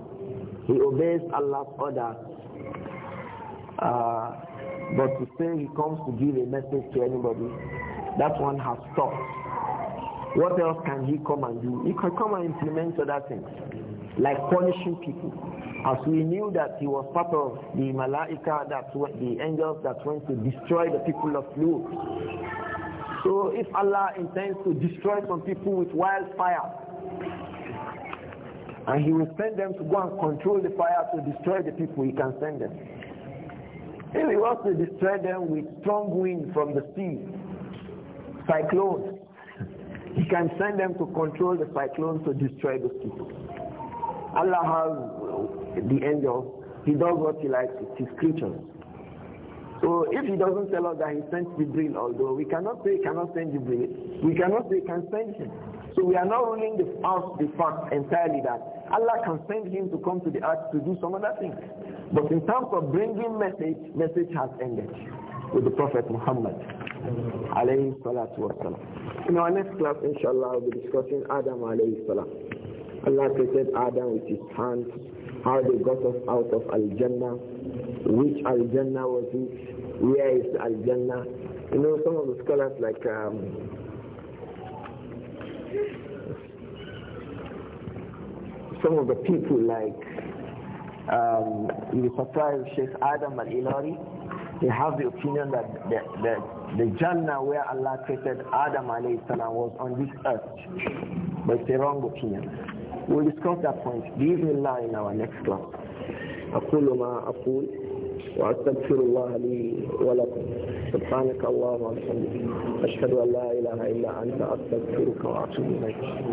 He obeys Allah's order. Uh, but to say he comes to give a message to anybody, that one has stopped. What else can he come and do? He can come and implement other things, like punishing people. As we knew that he was part of the malaika, that went, the angels that went to destroy the people of Lut. So if Allah intends to destroy some people with wildfire, and he will send them to go and control the fire to destroy the people, he can send them. If he wants to destroy them with strong wind from the sea, cyclones, he <laughs> can send them to control the cyclones to destroy those people. Allah has uh, the angels. He does what he likes with his creatures. So if he doesn't tell us that he sent Jibril, although we cannot say he cannot send Jibril, we cannot say he can send him. So we are not ruling the out the fact entirely that Allah can send him to come to the earth to do some other things. But in terms of bringing message, message has ended with the Prophet Muhammad. Alayhi salatu In our next class, inshallah, we'll be discussing Adam alayhi salam. Allah created Adam with his hands, how they got us out of Al-Jannah, which Al-Jannah was it, where is Al-Jannah. You know, some of the scholars like um, some of the people like um, you'll be Sheikh Adam and ilari They have the opinion that the, the, the Jannah where Allah created Adam alayhi salam was on this earth. But it's a wrong opinion. We'll discuss that point, Give me bismillah, in our next class. أقول ما أقول وأستغفر الله لي ولكم سبحانك اللهم وبحمدك أشهد أن لا إله إلا أنت أستغفرك وأتوب إليك